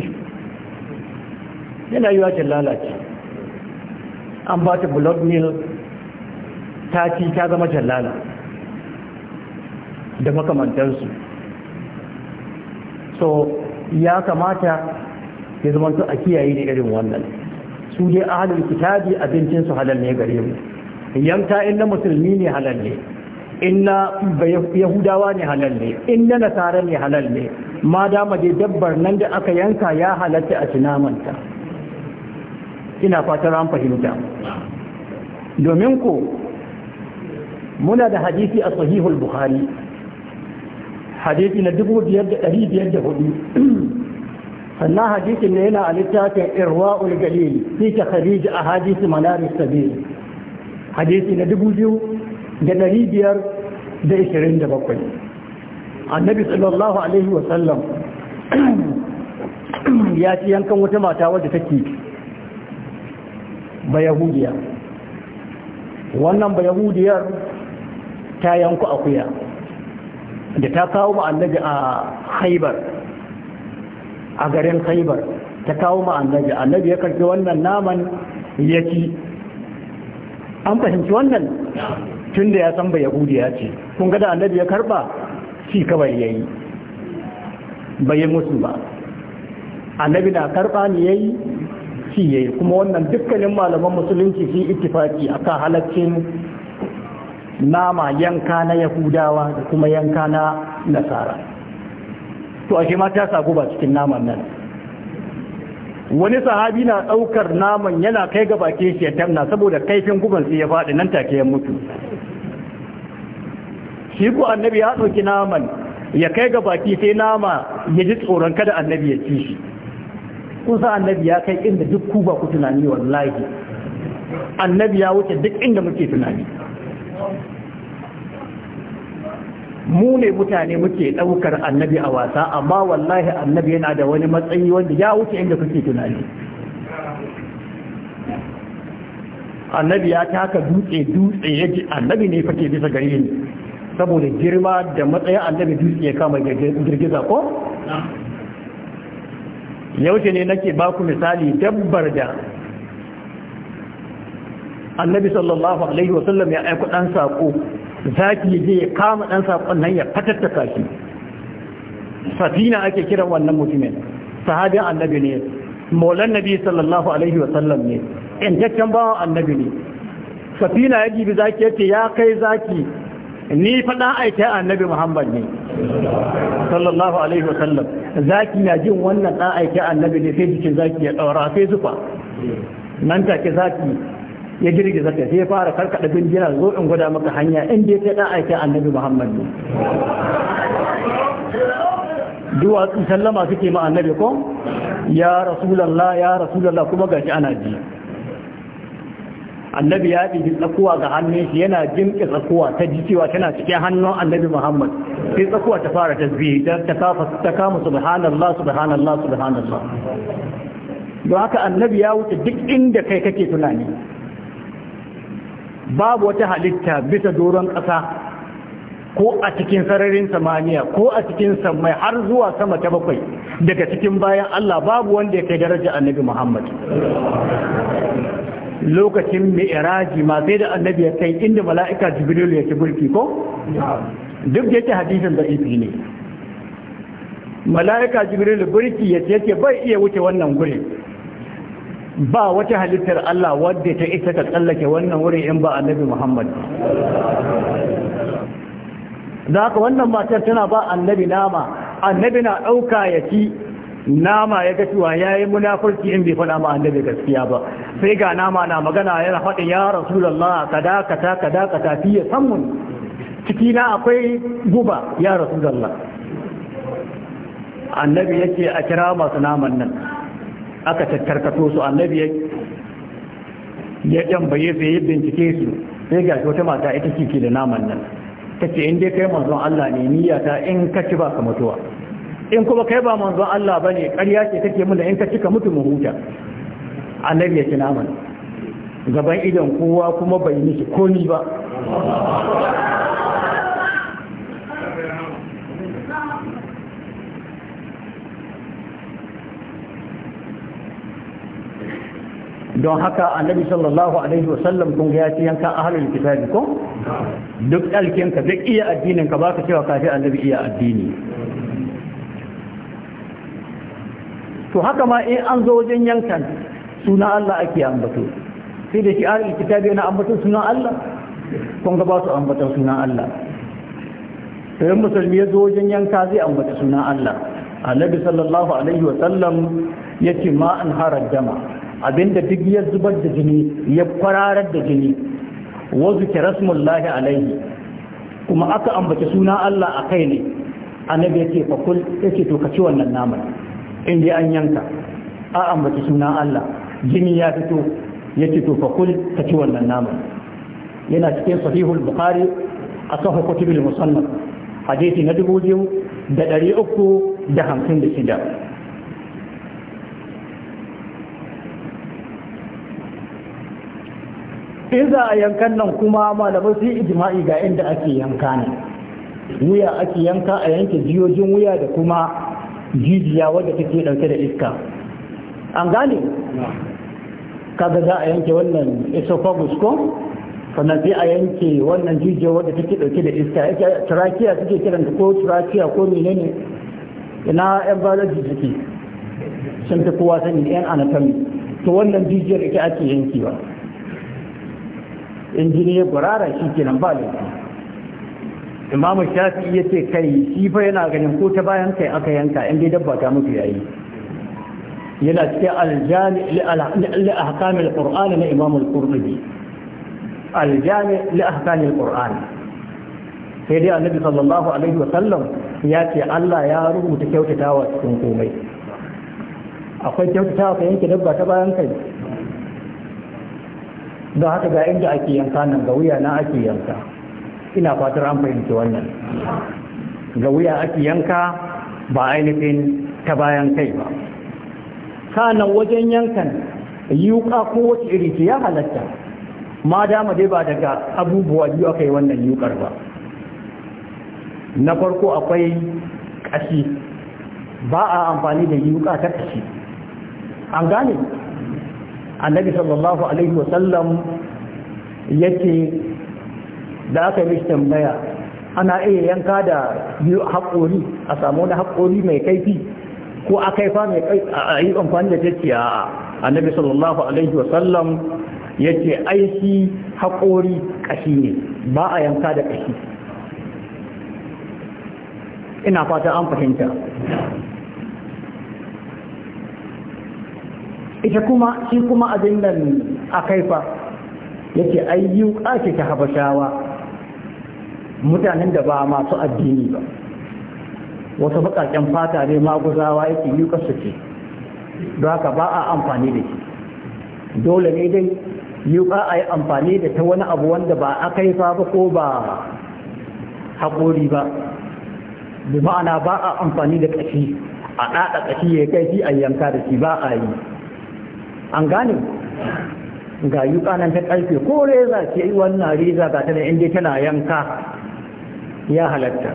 yana yiwa ta lalace an ba ta blood meal ta ci ta zama jallala da makamantarsu so ya kamata ya zama a kiyaye da irin wannan su dai ahalin kitabi abincinsu halal ne gare mu yanta in na musulmi ne halal ne inna yahudawa ne halal ne in na nasara ne halal ne ma dama dai dabbar nan da aka yanka ya halatta a tunamanta ina fatar an fahimta domin ko muna da hadisi a sahihul bukhari hadisi na 5,504 sannan hadisin ne yana a littafin irwa'ul galil fi ta kharij a hadisi manaris sabil hadisi na 2,000 da ɗari biyar da ishirin da bakwai annabi sallallahu alaihi wasallam ya ci yankan wata mata wadda take ke wannan Bayahudiyar ta yanku akuya da ta kawo ma'annabi a haibar a garin haibar ta kawo ma'annabi annabi ya karfi wannan naman ya ci an fahimci wannan tun da ya san ba yahudiya ce kun ga annabi ya karba shi kawai ya yi bai musu ba annabi na karba ne ya yi shi ya yi kuma wannan dukkanin malaman musulunci shi ittifaki akan halaccin nama yanka na yahudawa da kuma yanka na nasara to a shi ma ta sagu ba cikin naman nan wani sahabi na ɗaukar naman yana kai ga baki shi ya tamna saboda kaifin guban sai ya faɗi nan take ya mutu shi ku annabi ya ɗauki naman ya kai ga baki sai nama ya ji tsoron kada annabi ya ci shi kusa annabi ya kai inda duk ku ba ku tunani wallahi annabi ya wuce duk inda muke tunani mu ne mutane muke ɗaukar annabi a wasa amma wallahi annabi yana da wani matsayi wanda ya wuce inda kuke tunani annabi ya taka dutse dutse ya ji annabi ne fake bisa gare ni saboda girma da matsayin annabi dutse ya kama girgiza ko yaushe ne nake baku misali dabbar da annabi sallallahu alaihi wasallam ya aiko dan sako zaki je ya kama dan sakon nan ya fatattaka shi safina ake kiran wannan mutumin sahabin annabi ne maulan nabi sallallahu alaihi wasallam ne intaccen bawa annabi ne safina ya gibi zaki yace ya kai zaki ni faɗa aita annabi muhammad ne sallallahu alaihi wasallam zaki na jin wannan ɗan aita annabi ne sai jikin zaki ya daura sai zufa nan take zaki ya girgiza zaka sai fara karkada bindinar zo in gwada maka hanya in dai kai dan aika annabi Muhammad ne sun sallama suke ma annabi ko ya rasulullah ya rasulullah kuma gashi ana ji annabi ya bi tsakuwa ga hannun shi yana jimƙi tsakuwa ta ji cewa tana cikin hannun annabi muhammad sai tsakuwa ta fara tasbih ta kafa ta kama subhanallah subhanallah subhanallah don haka annabi ya wuce duk inda kai kake tunani babu wata halitta bisa doron ƙasa ko a cikin sararin samaniya ko a cikin samai har zuwa sama ta bakwai daga cikin bayan Allah babu wanda ya kai daraja annabi Muhammad lokacin mi'raji ma sai da annabi ya kai inda mala'ika jibril ya ci ko duk yake hadisin da ifi ne mala'ika jibril burki ya ce bai iya wuce wannan gurin ba wata halittar Allah wadda ta isa ta tsallake wannan wurin in ba annabi Muhammad da haka wannan matar tana ba annabi nama annabi na ɗauka ya ci nama ya gashuwa ya yi munafurci in bai faɗa ma annabi gaskiya ba sai ga nama na magana yana faɗin ya rasulallah ka dakata ka dakata fiye samun cikina akwai guba ya rasulallah annabi yake a kira masu naman nan aka tattarkato su annabi ya jambaye sai ya bincike su sai ga wata mata ita kike da naman nan tace ce in dai kai manzon Allah ne ta in ka ci ba ka mutuwa in kuma kai ba manzon Allah bane ƙarya ce take muna in ka ci ka mutu mu huta annabi ya ci naman gaban idan kowa kuma bai miki komi ba don haka annabi sallallahu alaihi wasallam kun ga ya ce yanka ahlul kitabi ko duk dalkin ka duk iya addinin ka baka cewa kafi annabi iya addini to haka ma in an zo wajen yankan suna Allah ake ambato sai da shi ahlul kitabi yana ambato suna Allah kun ga ba su ambata suna Allah to sai musulmi ya zo wajen yanka zai ambata suna Allah annabi sallallahu alaihi wasallam yace ma an harar dama abinda duk ya zubar da jini ya kwararar da jini wazu ke rasmullahi alaihi kuma aka ambaci suna Allah a kai ne annabi yake fakul yake to ka wannan naman in an yanka a ambaci suna Allah jini ya fito yake to fakul ka ci wannan naman yana cikin sahihul bukhari a sahih kutubul musannaf hadisi na dubu biyu da ɗari uku da hamsin da shida in za a yankan nan kuma malamai sun ijma'i ga inda ake yanka ne wuya ake yanka a yanke jiyojin wuya da kuma jijiya wadda take dauke da iska an gane kaga za a yanke wannan esophagus ko sannan sai a yanke wannan jijiya wadda take dauke da iska yake trachea suke kiranta ko trachea ko menene ina yan biology suke sun fi kowa sani yan anatomy to wannan jijiyar ita ake yankewa in ya gurara shi ke nan ba laifi imamu shafi ya ce kai shi fa yana ganin ko ta bayan kai aka yanka in dai dabba ta mutu yayi yana cikin aljami li ahkam alqur'ani na imam al aljami li ahkam alqur'ani sai dai annabi sallallahu alaihi wa sallam ya ce Allah ya rubuta kyautatawa cikin komai akwai kyautatawa ka yanke dabba ta bayan kai don haka ga inda ake yanka nan ga wuya na ake yanka ina fatar an fahimci wannan ga wuya ake yanka ba ainihin ta bayan kai ba sanan wajen yankan yuka ko wacce iri ce ya halatta ma dama dai ba daga abubuwa biyu aka yi wannan yukar ba na farko akwai kashi ba a amfani da yuka ta kashi an gane annabi sallallahu alaihi wasallam yake da aka yi tambaya ana iya yanka da haƙori a samu wani haƙori mai kaifi ko a kaifa mai a yi amfani da tafiya a annabi sallallahu alaihi wasallam ya ce aiki haƙori ƙashi ne ba a yanka da ƙashi ina fata an fahimta ita kuma shi kuma abin nan a kaifa yake ayyuka ce ta habashawa mutanen da ba masu addini ba wasu baƙaƙen fata ne maguzawa yake yi kasu ce don haka ba a amfani da shi dole ne dai yi ba a yi amfani da ta wani abu wanda ba a kaifa ba ko ba haƙori ba bi ma'ana ba a amfani da ƙashi a ɗaɗa ƙashi ya kai shi a yanka da shi ba a yi an gane ga yuka nan ta ƙarfe ko reza ke yi wannan reza ga tana inda tana yanka ya halatta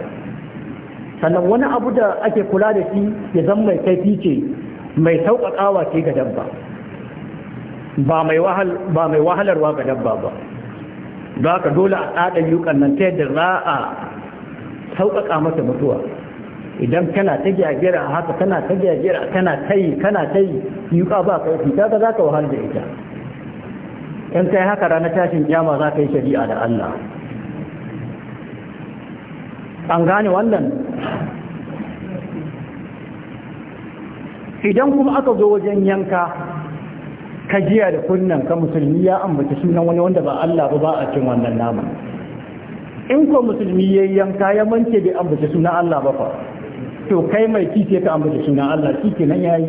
sannan wani abu da ake kula da shi ya zan mai kaifi ce mai sauƙaƙawa ce ga dabba ba mai wahalarwa ga dabba ba Ba ka dole a tsada yukan nan ta yadda za a sauƙaƙa masa mutuwa idan kana ta a haka kana ta gyagyara kana ta yi kana ta yi yuka ba ƙarfi ta ga za ka wahal da ita in kai haka ranar tashin kyama za ka yi shari'a da Allah an gane wannan idan kuma aka zo wajen yanka ka jiya da kunnan ka musulmi ya ambata sunan wani wanda ba Allah ba ba a cin wannan naman in ko musulmi ya yanka ya mance bai ambata sunan Allah ba fa to kai mai kike ka ambata sunan Allah kike nan yayi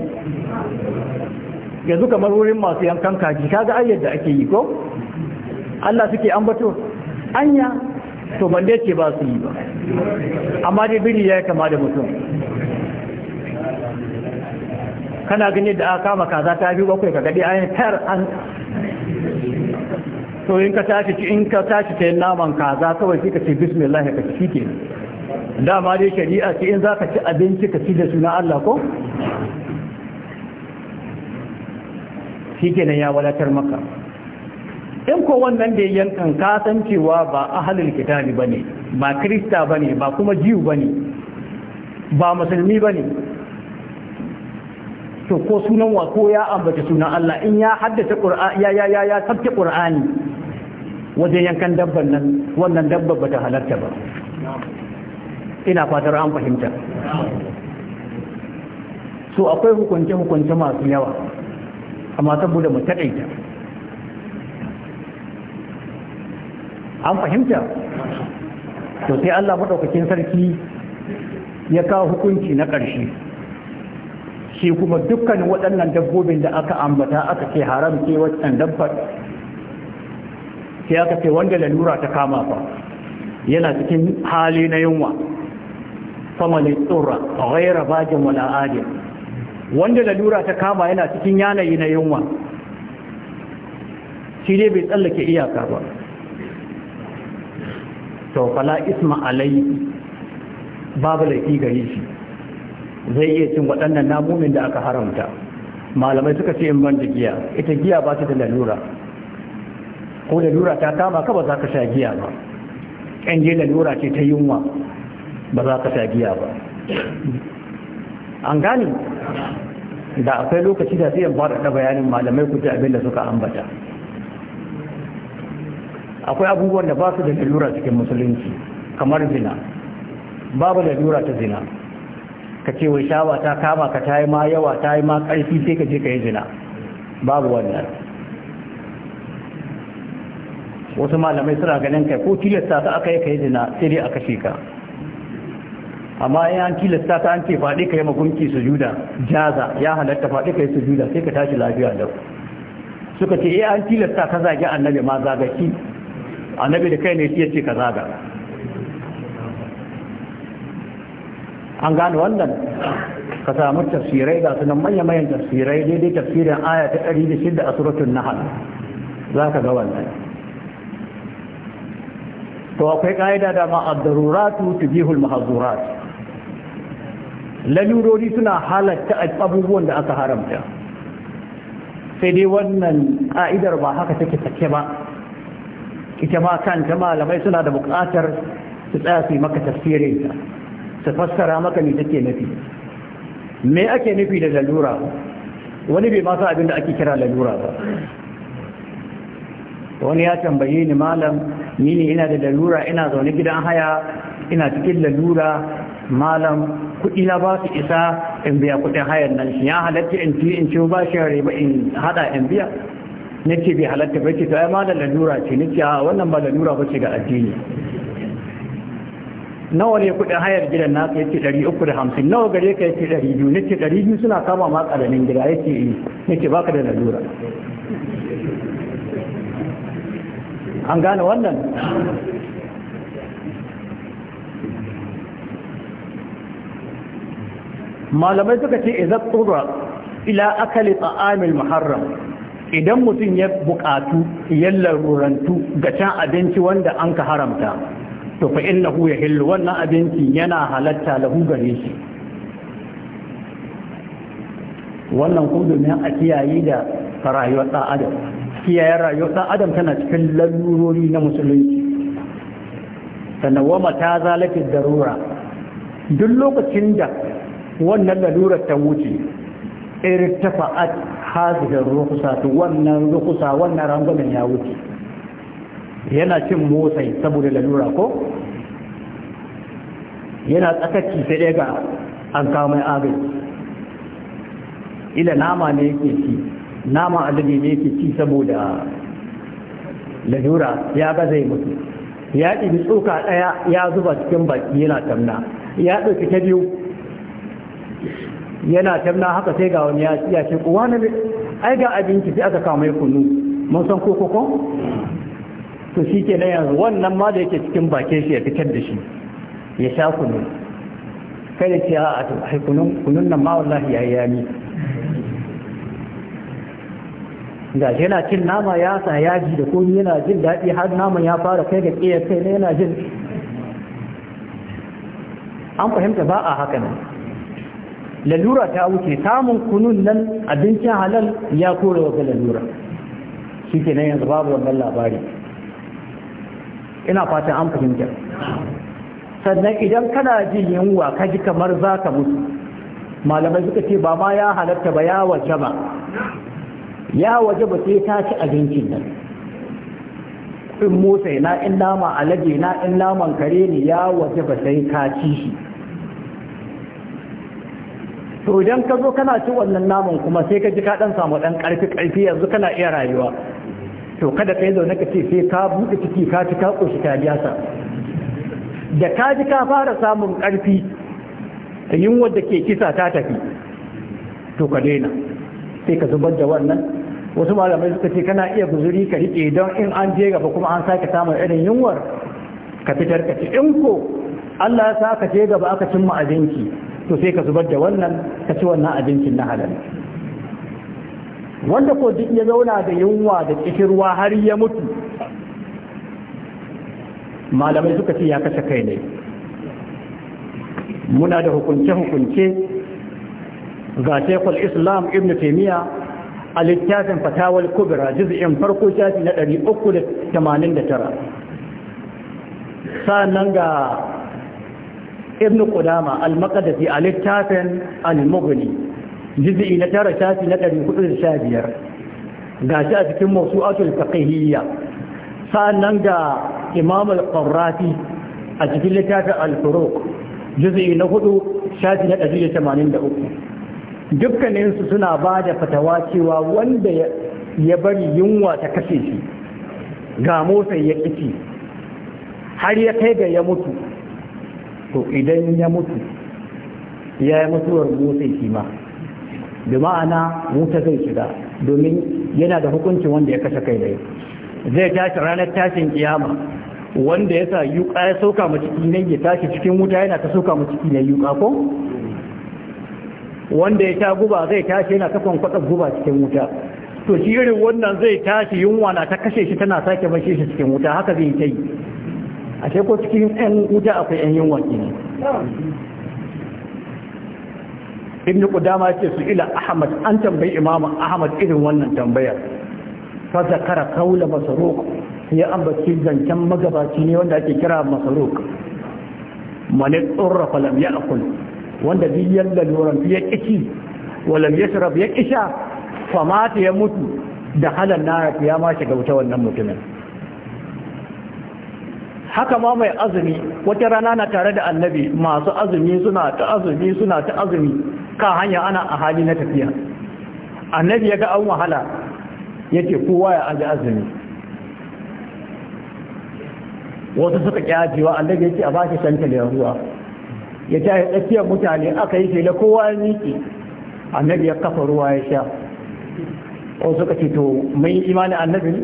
yanzu kamar wurin masu yankan kaji kaga ayyar da ake yi ko Allah suke ambato anya to ban dace ba su yi ba amma dai biri ya kama da mutum kana gani da aka kama kaza ta biyu bakwai ka gadi ayin tar an to in ka tashi in ka tashi ta yin naman kaza kawai sai ka ce bismillah ka ci ke dama dai shari'a ce in za ka ci abinci ka ci da suna Allah ko? shi kenan ya wadatar maka in ko wannan da yankan kasancewa ba ahalin kitabi ba ne ba krista ba ne ba kuma jiyu ba ne ba musulmi ba ne to ko sunan wa ko ya ambata sunan Allah in ya haddace ƙur'ani ya ya sabta ƙur'ani wajen yankan dabban nan wannan dabba bata halarta ba ina fatar an fahimta so akwai hukunce-hukunce masu yawa amma saboda mu taɗaita an fahimta to sai Allah maɗaukakin sarki ya kawo hukunci na ƙarshe shi kuma dukkan waɗannan dabbobin da aka ambata aka ce haram ce waɗannan dabbar sai aka ce wanda lalura ta kama fa yana cikin hali na yunwa faman tsurra ghaira bajin wala wanda lalura ta kama yana cikin yanayi na yunwa shi ne bai tsallake iyaka ba to fala isma alai babu laifi gare shi zai iya cin waɗannan namomin da aka haramta malamai suka ce in ban da giya ita giya ba ta da lalura ko lalura ta kama ka ba za ka sha giya ba ƙanje lalura ce ta yunwa ba za ka sha giya ba an gane da akwai lokaci da ba da bayanin malamai ku ji abin da suka ambata akwai abubuwan da ba su da lura cikin musulunci kamar zina babu lura ta zina ka ce wai shawa ta kama ka ta yi ma yawa ta yi ma ƙarfi sai ka je ka yi zina babu wannan wasu malamai suna ganin kai ko tilasta ta aka yi ka yi zina sai dai a kashe ka amma in an tilasta ta an ce faɗi ka yi magunki sujuda jaza ya halatta faɗi ka yi sujuda sai ka tashi lafiya da suka ce eh an ta ka zage annabi ma zagaki annabi da kai ne shi yace ka zaga an gano wannan ka samu tafsirai ga sunan manya-manyan tafsirai daidai tafsirin aya ta 106 a suratul nahl za ka ga wannan to akwai ka'ida da ma ad-daruratu mahzurat lalurori suna halatta abubuwan da aka haramta sai dai wannan ka'idar ba haka take take ba ita ma kanta malamai suna da buƙatar su tsaya su yi maka tafsirinta su fassara maka ne take nufi me ake nufi da lalura wani bai masa abin da ake kira lalura ba wani ya tambaye ni malam ni ne ina da lalura ina zaune gidan haya ina cikin lalura malam kuɗi na ba su isa in biya kuɗin hayar nan shi ya halatta in ci in ci ba shi ba in hada in biya ce bai halatta ba ce to ai ma da lalura ce nake a wannan ba lalura ba ce ga addini nawa ne kuɗin hayar gidan na ka yake ɗari uku da hamsin nawa gare ka yake ɗari biyu ce ɗari biyu suna kama ma karamin gida yake yi ce eh. baka da lalura an gane wannan malamai suka ce idan tsura ila akali ta'amil muharram idan mutum ya bukatu ya ga can abinci wanda an ka haramta to fa innahu yahillu wannan abinci yana halatta lahu gare shi wannan kuma domin a kiyaye da rayuwar ɗan adam kiyaye rayuwar ɗan adam tana cikin lalurori na musulunci sannan wa mata zalafin darura duk lokacin da wannan lalurar ta wuce fa'ad hazihin rukusa to wannan rukusa wannan rangwamen ya wuce yana cin motsai saboda lalura ko yana tsakaki sai ɗaya ga an kawo mai agaji ila nama ne yake ci nama alibi ne yake ci saboda lalura ya ga zai mutu ya ɗibi tsoka ɗaya ya zuba cikin baki yana tamna ya ɗauki ta biyu yana tamna haka sai ga wani ya ce kuwa na ai ga abinci sai aka kawo mai kunu mun san ko ko to shi ke na yanzu wannan ma da yake cikin bakin shi ya fitar da shi ya sha kunu kai da ce a to kunun nan ma wallahi yayi yami ga yana cin nama ya sa yaji da komi yana jin daɗi har naman ya fara kai ga ƙiyar kai yana jin an fahimta ba a haka nan lalura ta wuce samun kunun nan abincin halal ya kore wata lalura shi ke nan yanzu babu wannan labari ina fatan an fahimta sannan idan kana jin yunwa ka ji kamar za ka mutu malamai suka ce ba ma ya halatta ba ya waje ba ya waje ba sai ta ci abincin nan in motsa na in nama alade na in naman kare ne ya waje ba sai ka ci shi to idan ka zo kana ci wannan naman kuma sai ka ji ka dan samu dan karfi karfi yanzu kana iya rayuwa to kada ka yi zaune ka ce sai ka buɗe ciki ka ci ka ƙoshi ka biya sa da ka ji ka fara samun karfi ta yin wadda ke kisa ta tafi to ka daina sai ka zubar da wannan wasu malamai suka ce kana iya guzuri ka riƙe don in an je gaba kuma an sake samun irin yunwar ka fitar ka ci in ko Allah ya sa ka je gaba aka cimma jinki. to sai ka zubar da wannan ka ci wannan abincin na halal wanda ko duk ya zauna da yunwa da kishirwa har ya mutu malamai suka ce ya kashe kai ne muna da hukunce-hukunce ga shekul islam ibn taimiyya a littafin fatawal kubra jiz'in farko shafi na 389 sa'annan ga ibn qudama al-maqdisi a littafin al-mughni juz'i na tara shafi na 415 gashi a cikin mawsu'atul fiqhiyya sa'annan ga imam al-qurrati a cikin littafin al-furuq juz'i na 4 shafi na 183 dukkaninsu suna ba da fatawa cewa wanda ya bari yunwa ta kashe shi ga motsa ya ƙici har ya kai ga ya mutu to idan ya mutu ya yi mutuwar motsa shi ma da ma'ana wuta zai shiga domin yana da hukuncin wanda ya kashe kai dai zai tashi ranar tashin kiyama wanda ya sa yuka ya sauka mu ciki nan ya tashi cikin wuta yana ta sauka mu ciki nan yuka ko wanda ya ta guba zai tashi yana ta kwankwata guba cikin wuta to shi irin wannan zai tashi yunwa na ta kashe shi tana sake bashe shi cikin wuta haka zai ta yi a ko cikin yan wuta akwai yan yunwa ne ibn qudama ce su ila ahmad an tambayi imam ahmad irin wannan tambayar fa zakara qawla masruq ya ambaci zancen magabaci ne wanda ake kira masruq man tsurra falam ya'kul wanda duk yalla luran ya wa walam yashrab ya kisha famata ya mutu da halan na ya ma shiga wuta wannan mutumin haka ma mai azumi wata rana na tare da annabi masu azumi suna ta azumi suna ta azumi ka hanya ana a hali na tafiya annabi ya ga an wahala yake kowa ya aji azumi wasu suka kyajewa annabi yake a baki shanta da ruwa ya ta yi tsakiyar mutane aka yi da kowa ya miki. annabi ya kafa ruwa ya sha wasu suka ce to mai imani annabi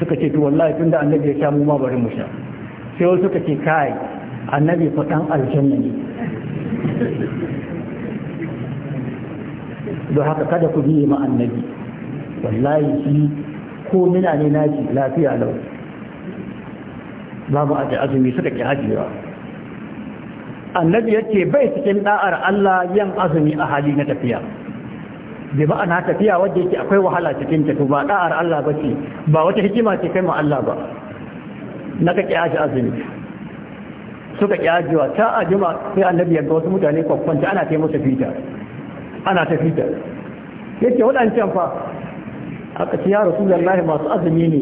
suka ce to wallahi tunda annabi ya sha mu ma bari mu sha sai wasu ka ce kai annabi faɗan aljanna ne don haka kada ku biye ma annabi wallahi shi ko mina ne naji lafiya lau babu a azumi suka ke hajiyewa annabi yake bai cikin da'ar Allah yan azumi a hali na tafiya bi na tafiya wadda yake akwai wahala cikin ta ba da'ar Allah ba ce, ba wata hikima ce kai ma Allah ba na ka kyaji azumi suka kyajiwa ta ajima sai annabi ga wasu mutane kwakwanta ana ta musu fita ana ta fita yake waɗancan fa aka ce ya rasulullahi masu azumi ne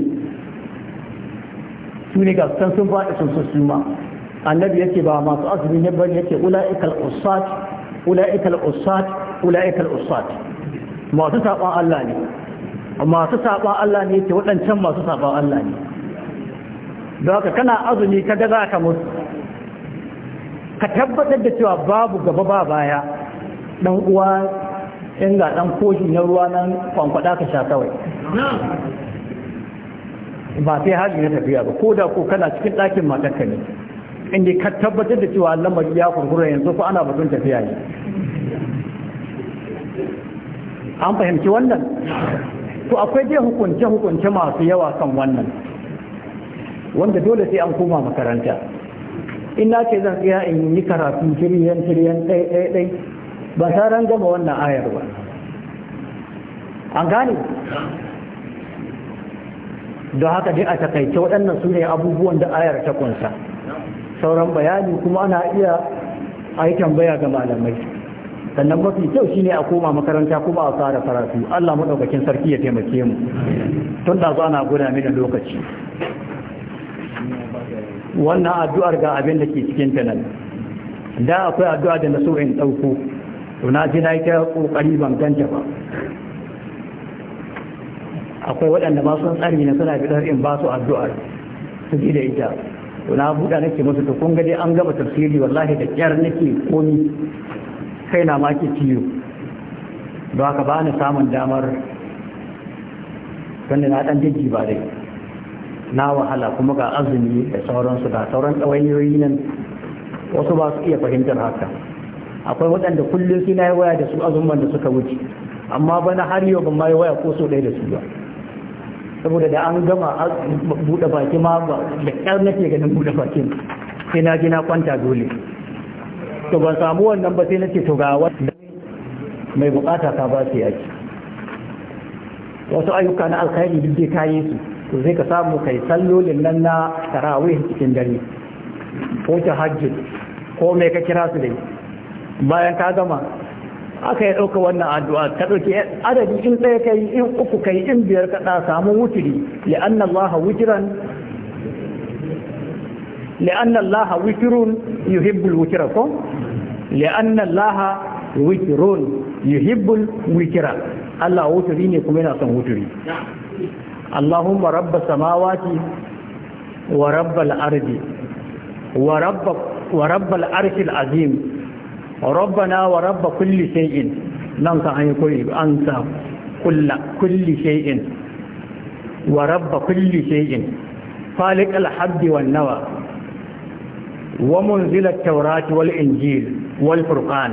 su ne ga san sun faɗi sun sun suma annabi yake ba masu azumi ne bari yake ula'ikal ussat ula'ikal ussat ula'ikal usat masu saɓa Allah ne masu saɓa Allah ne yake waɗancan masu saɓa Allah ne da haka kana azumi kaga za ka mutu ka tabbatar da cewa babu gaba ba baya dan uwa in ga dan koshi na ruwa nan kwankwada ka sha kawai ba sai haji na tafiya ba ko da ko kana cikin ɗakin matarka ne inda ka tabbatar da cewa lamari ya kurkura yanzu ko ana batun tafiya ne an fahimci wannan to akwai dai hukunce-hukunce masu yawa kan wannan wanda dole sai an koma makaranta ina ce zan tsaya in yi karatu tiriyan tiriyan ɗai ba ta ran gama wannan ayar ba an gane don haka dai a takaice waɗannan su ne abubuwan da ayar ta kunsa sauran bayani kuma ana iya a yi tambaya ga malamai sannan mafi kyau shi ne a koma makaranta kuma a fara karatu Allah maɗaukakin sarki ya taimake mu tun da zuwa ana guda da lokaci wannan addu'ar ga abin da ke cikin ta nan da akwai addu'a da na so in ɗauko to na ji na yi ta ƙoƙari ban ganta ba akwai waɗanda ba sun tsari na suna fitar in ba su addu'ar su ji da ita to na buɗa nake musu to kun ga an gaba tafsiri wallahi da kyar nake komi kai na ma ke ciyo don haka ba ni samun damar wanda na ɗan jijji ba dai na wahala kuma ga azumi da sauransu da sauran ɗawainiyoyi nan wasu ba su iya fahimtar haka akwai waɗanda kullum sai na yi waya da su azumman da suka wuce amma bana har yau ban ma yi waya ko so ɗaya da su ba saboda da an gama buɗe baki ma ba, da ƙyar nake ganin buɗe bakin sai na ji kwanta dole to ban samu wannan ba sai nake to ga wanda mai bukata ka ba su yaki wasu ayyuka na alkhairi duk dai kayi su to zai ka samu kai sallolin nan na tarawih cikin dare ko tahajjud ko mai ka kira su dai bayan ka gama aka yi ɗauka wannan addu'a ka ɗauki adadi in ɗaya kai in uku kai in biyar ka ɗa samu wuturi li'anna Allah wuturan li'anna Allah wuturun yuhibbul wutura ko li'anna Allah wuturun yuhibbul wutura Allah wuturi ne kuma yana son wuturi اللهم رب السماوات ورب الأرض ورب, ورب الأرش العظيم ربنا ورب كل شيء ننسى أن يقول أنسى كل, كل شيء ورب كل شيء خالق الحب والنوى ومنزل التوراة والإنجيل والفرقان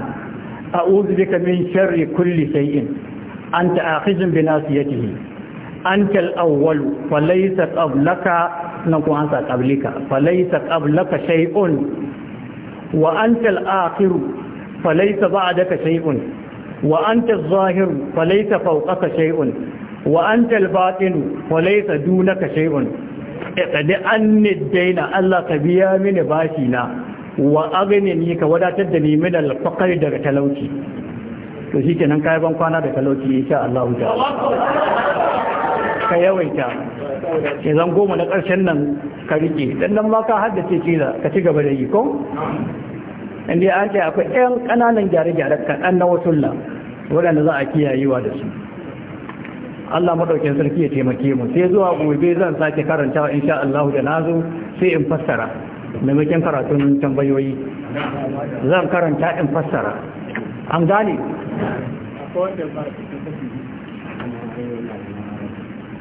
أعوذ بك من شر كل شيء أنت آخذ بناصيته antal awwal fa laysa qablaka nan ko ansa qablika fa laysa qablaka shay'un wa antal akhir fa laysa ba'daka shay'un wa antal zahir fa laysa fawqaka shay'un wa antal batin fa laysa dunaka shay'un kada anni daina Allah ka biya mini bashi na wa ni ka wadatar da ni min al-faqr daga talauci to shikenan kai ban kwana da talauci insha Allah ta'ala ka yawaita ya zan goma na ƙarshen nan ka rike dan nan ma ka haddace ce ka ci gaba da yi ko inda an ce akwai ƴan ƙananan gyare-gyare kaɗan na wasu nan waɗanda za a kiyayewa da su Allah maɗaukin sarki ya taimake mu sai zuwa gobe zan sake in insha Allah da nazo sai in fassara maimakon karatun tambayoyi zan karanta in fassara an gane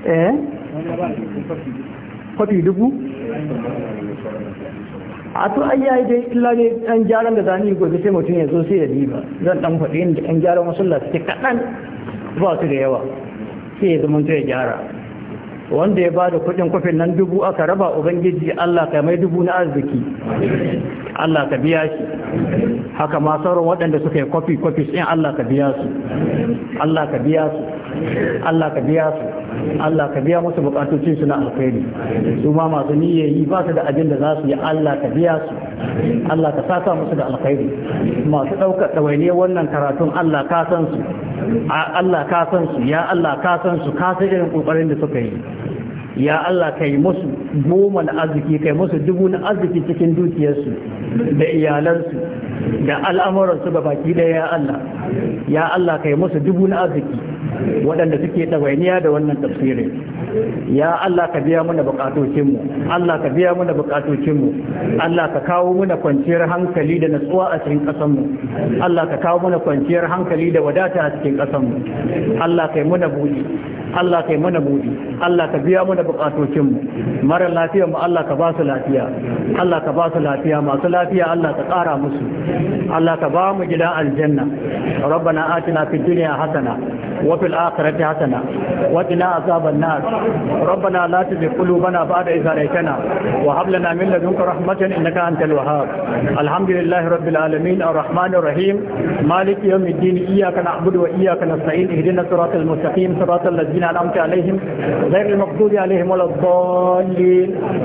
eh kwafi dubu a to an yayi da illa ɗan dan gyaran da zani gobe sai mutum ya zo sai ya diba zan ɗan faɗi inda dan gyaran wasu lafi kaɗan ba su da yawa sai ya zama ya gyara wanda ya ba da kuɗin kwafin nan dubu aka raba ubangiji Allah ka mai dubu na arziki Allah ka biya shi haka ma sauran waɗanda suka yi kwafi kwafi sai Allah ka biya su Allah ka biya su Allah ka biya su Allah ka biya musu bukatocin su na alkhairi su ma masu yi ba su da abin da za su yi Allah ka biya su Allah ka saka musu da alkhairi masu daukar ɗawainiyar wannan karatun Allah ka san su Allah ka san su ya Allah ka san su ka san irin kokarin da suka yi ya Allah kai musu goma na arziki kai musu dubu na arziki cikin dukiyarsu da iyalansu da al'amuransu ba baki ɗaya ya Allah ya Allah kai musu dubu na arziki waɗanda suke ɗawainiya da wannan tafsirin ya Allah ka biya muna buƙatocinmu Allah ka biya muna buƙatocinmu Allah ka kawo muna kwanciyar hankali da natsuwa a cikin ƙasanmu Allah ka kawo muna kwanciyar hankali da wadata a cikin ƙasanmu Allah kai muna buɗi Allah kai muna buɗi Allah ka biya muna buƙatocinmu mara lafiyar mu Allah ka ba su lafiya Allah ka ba su lafiya masu lafiya Allah ka ƙara musu الله تبام جلاء الجنة ربنا آتنا في الدنيا حسنة وفي الآخرة حسنة وقنا عذاب النار ربنا لا تزغ قلوبنا بعد إذ هديتنا وهب لنا من لدنك رحمة إنك أنت الوهاب الحمد لله رب العالمين الرحمن الرحيم مالك يوم الدين إياك نعبد وإياك نستعين اهدنا الصراط المستقيم صراط الذين أنعمت عليهم غير المغضوب عليهم ولا الضالين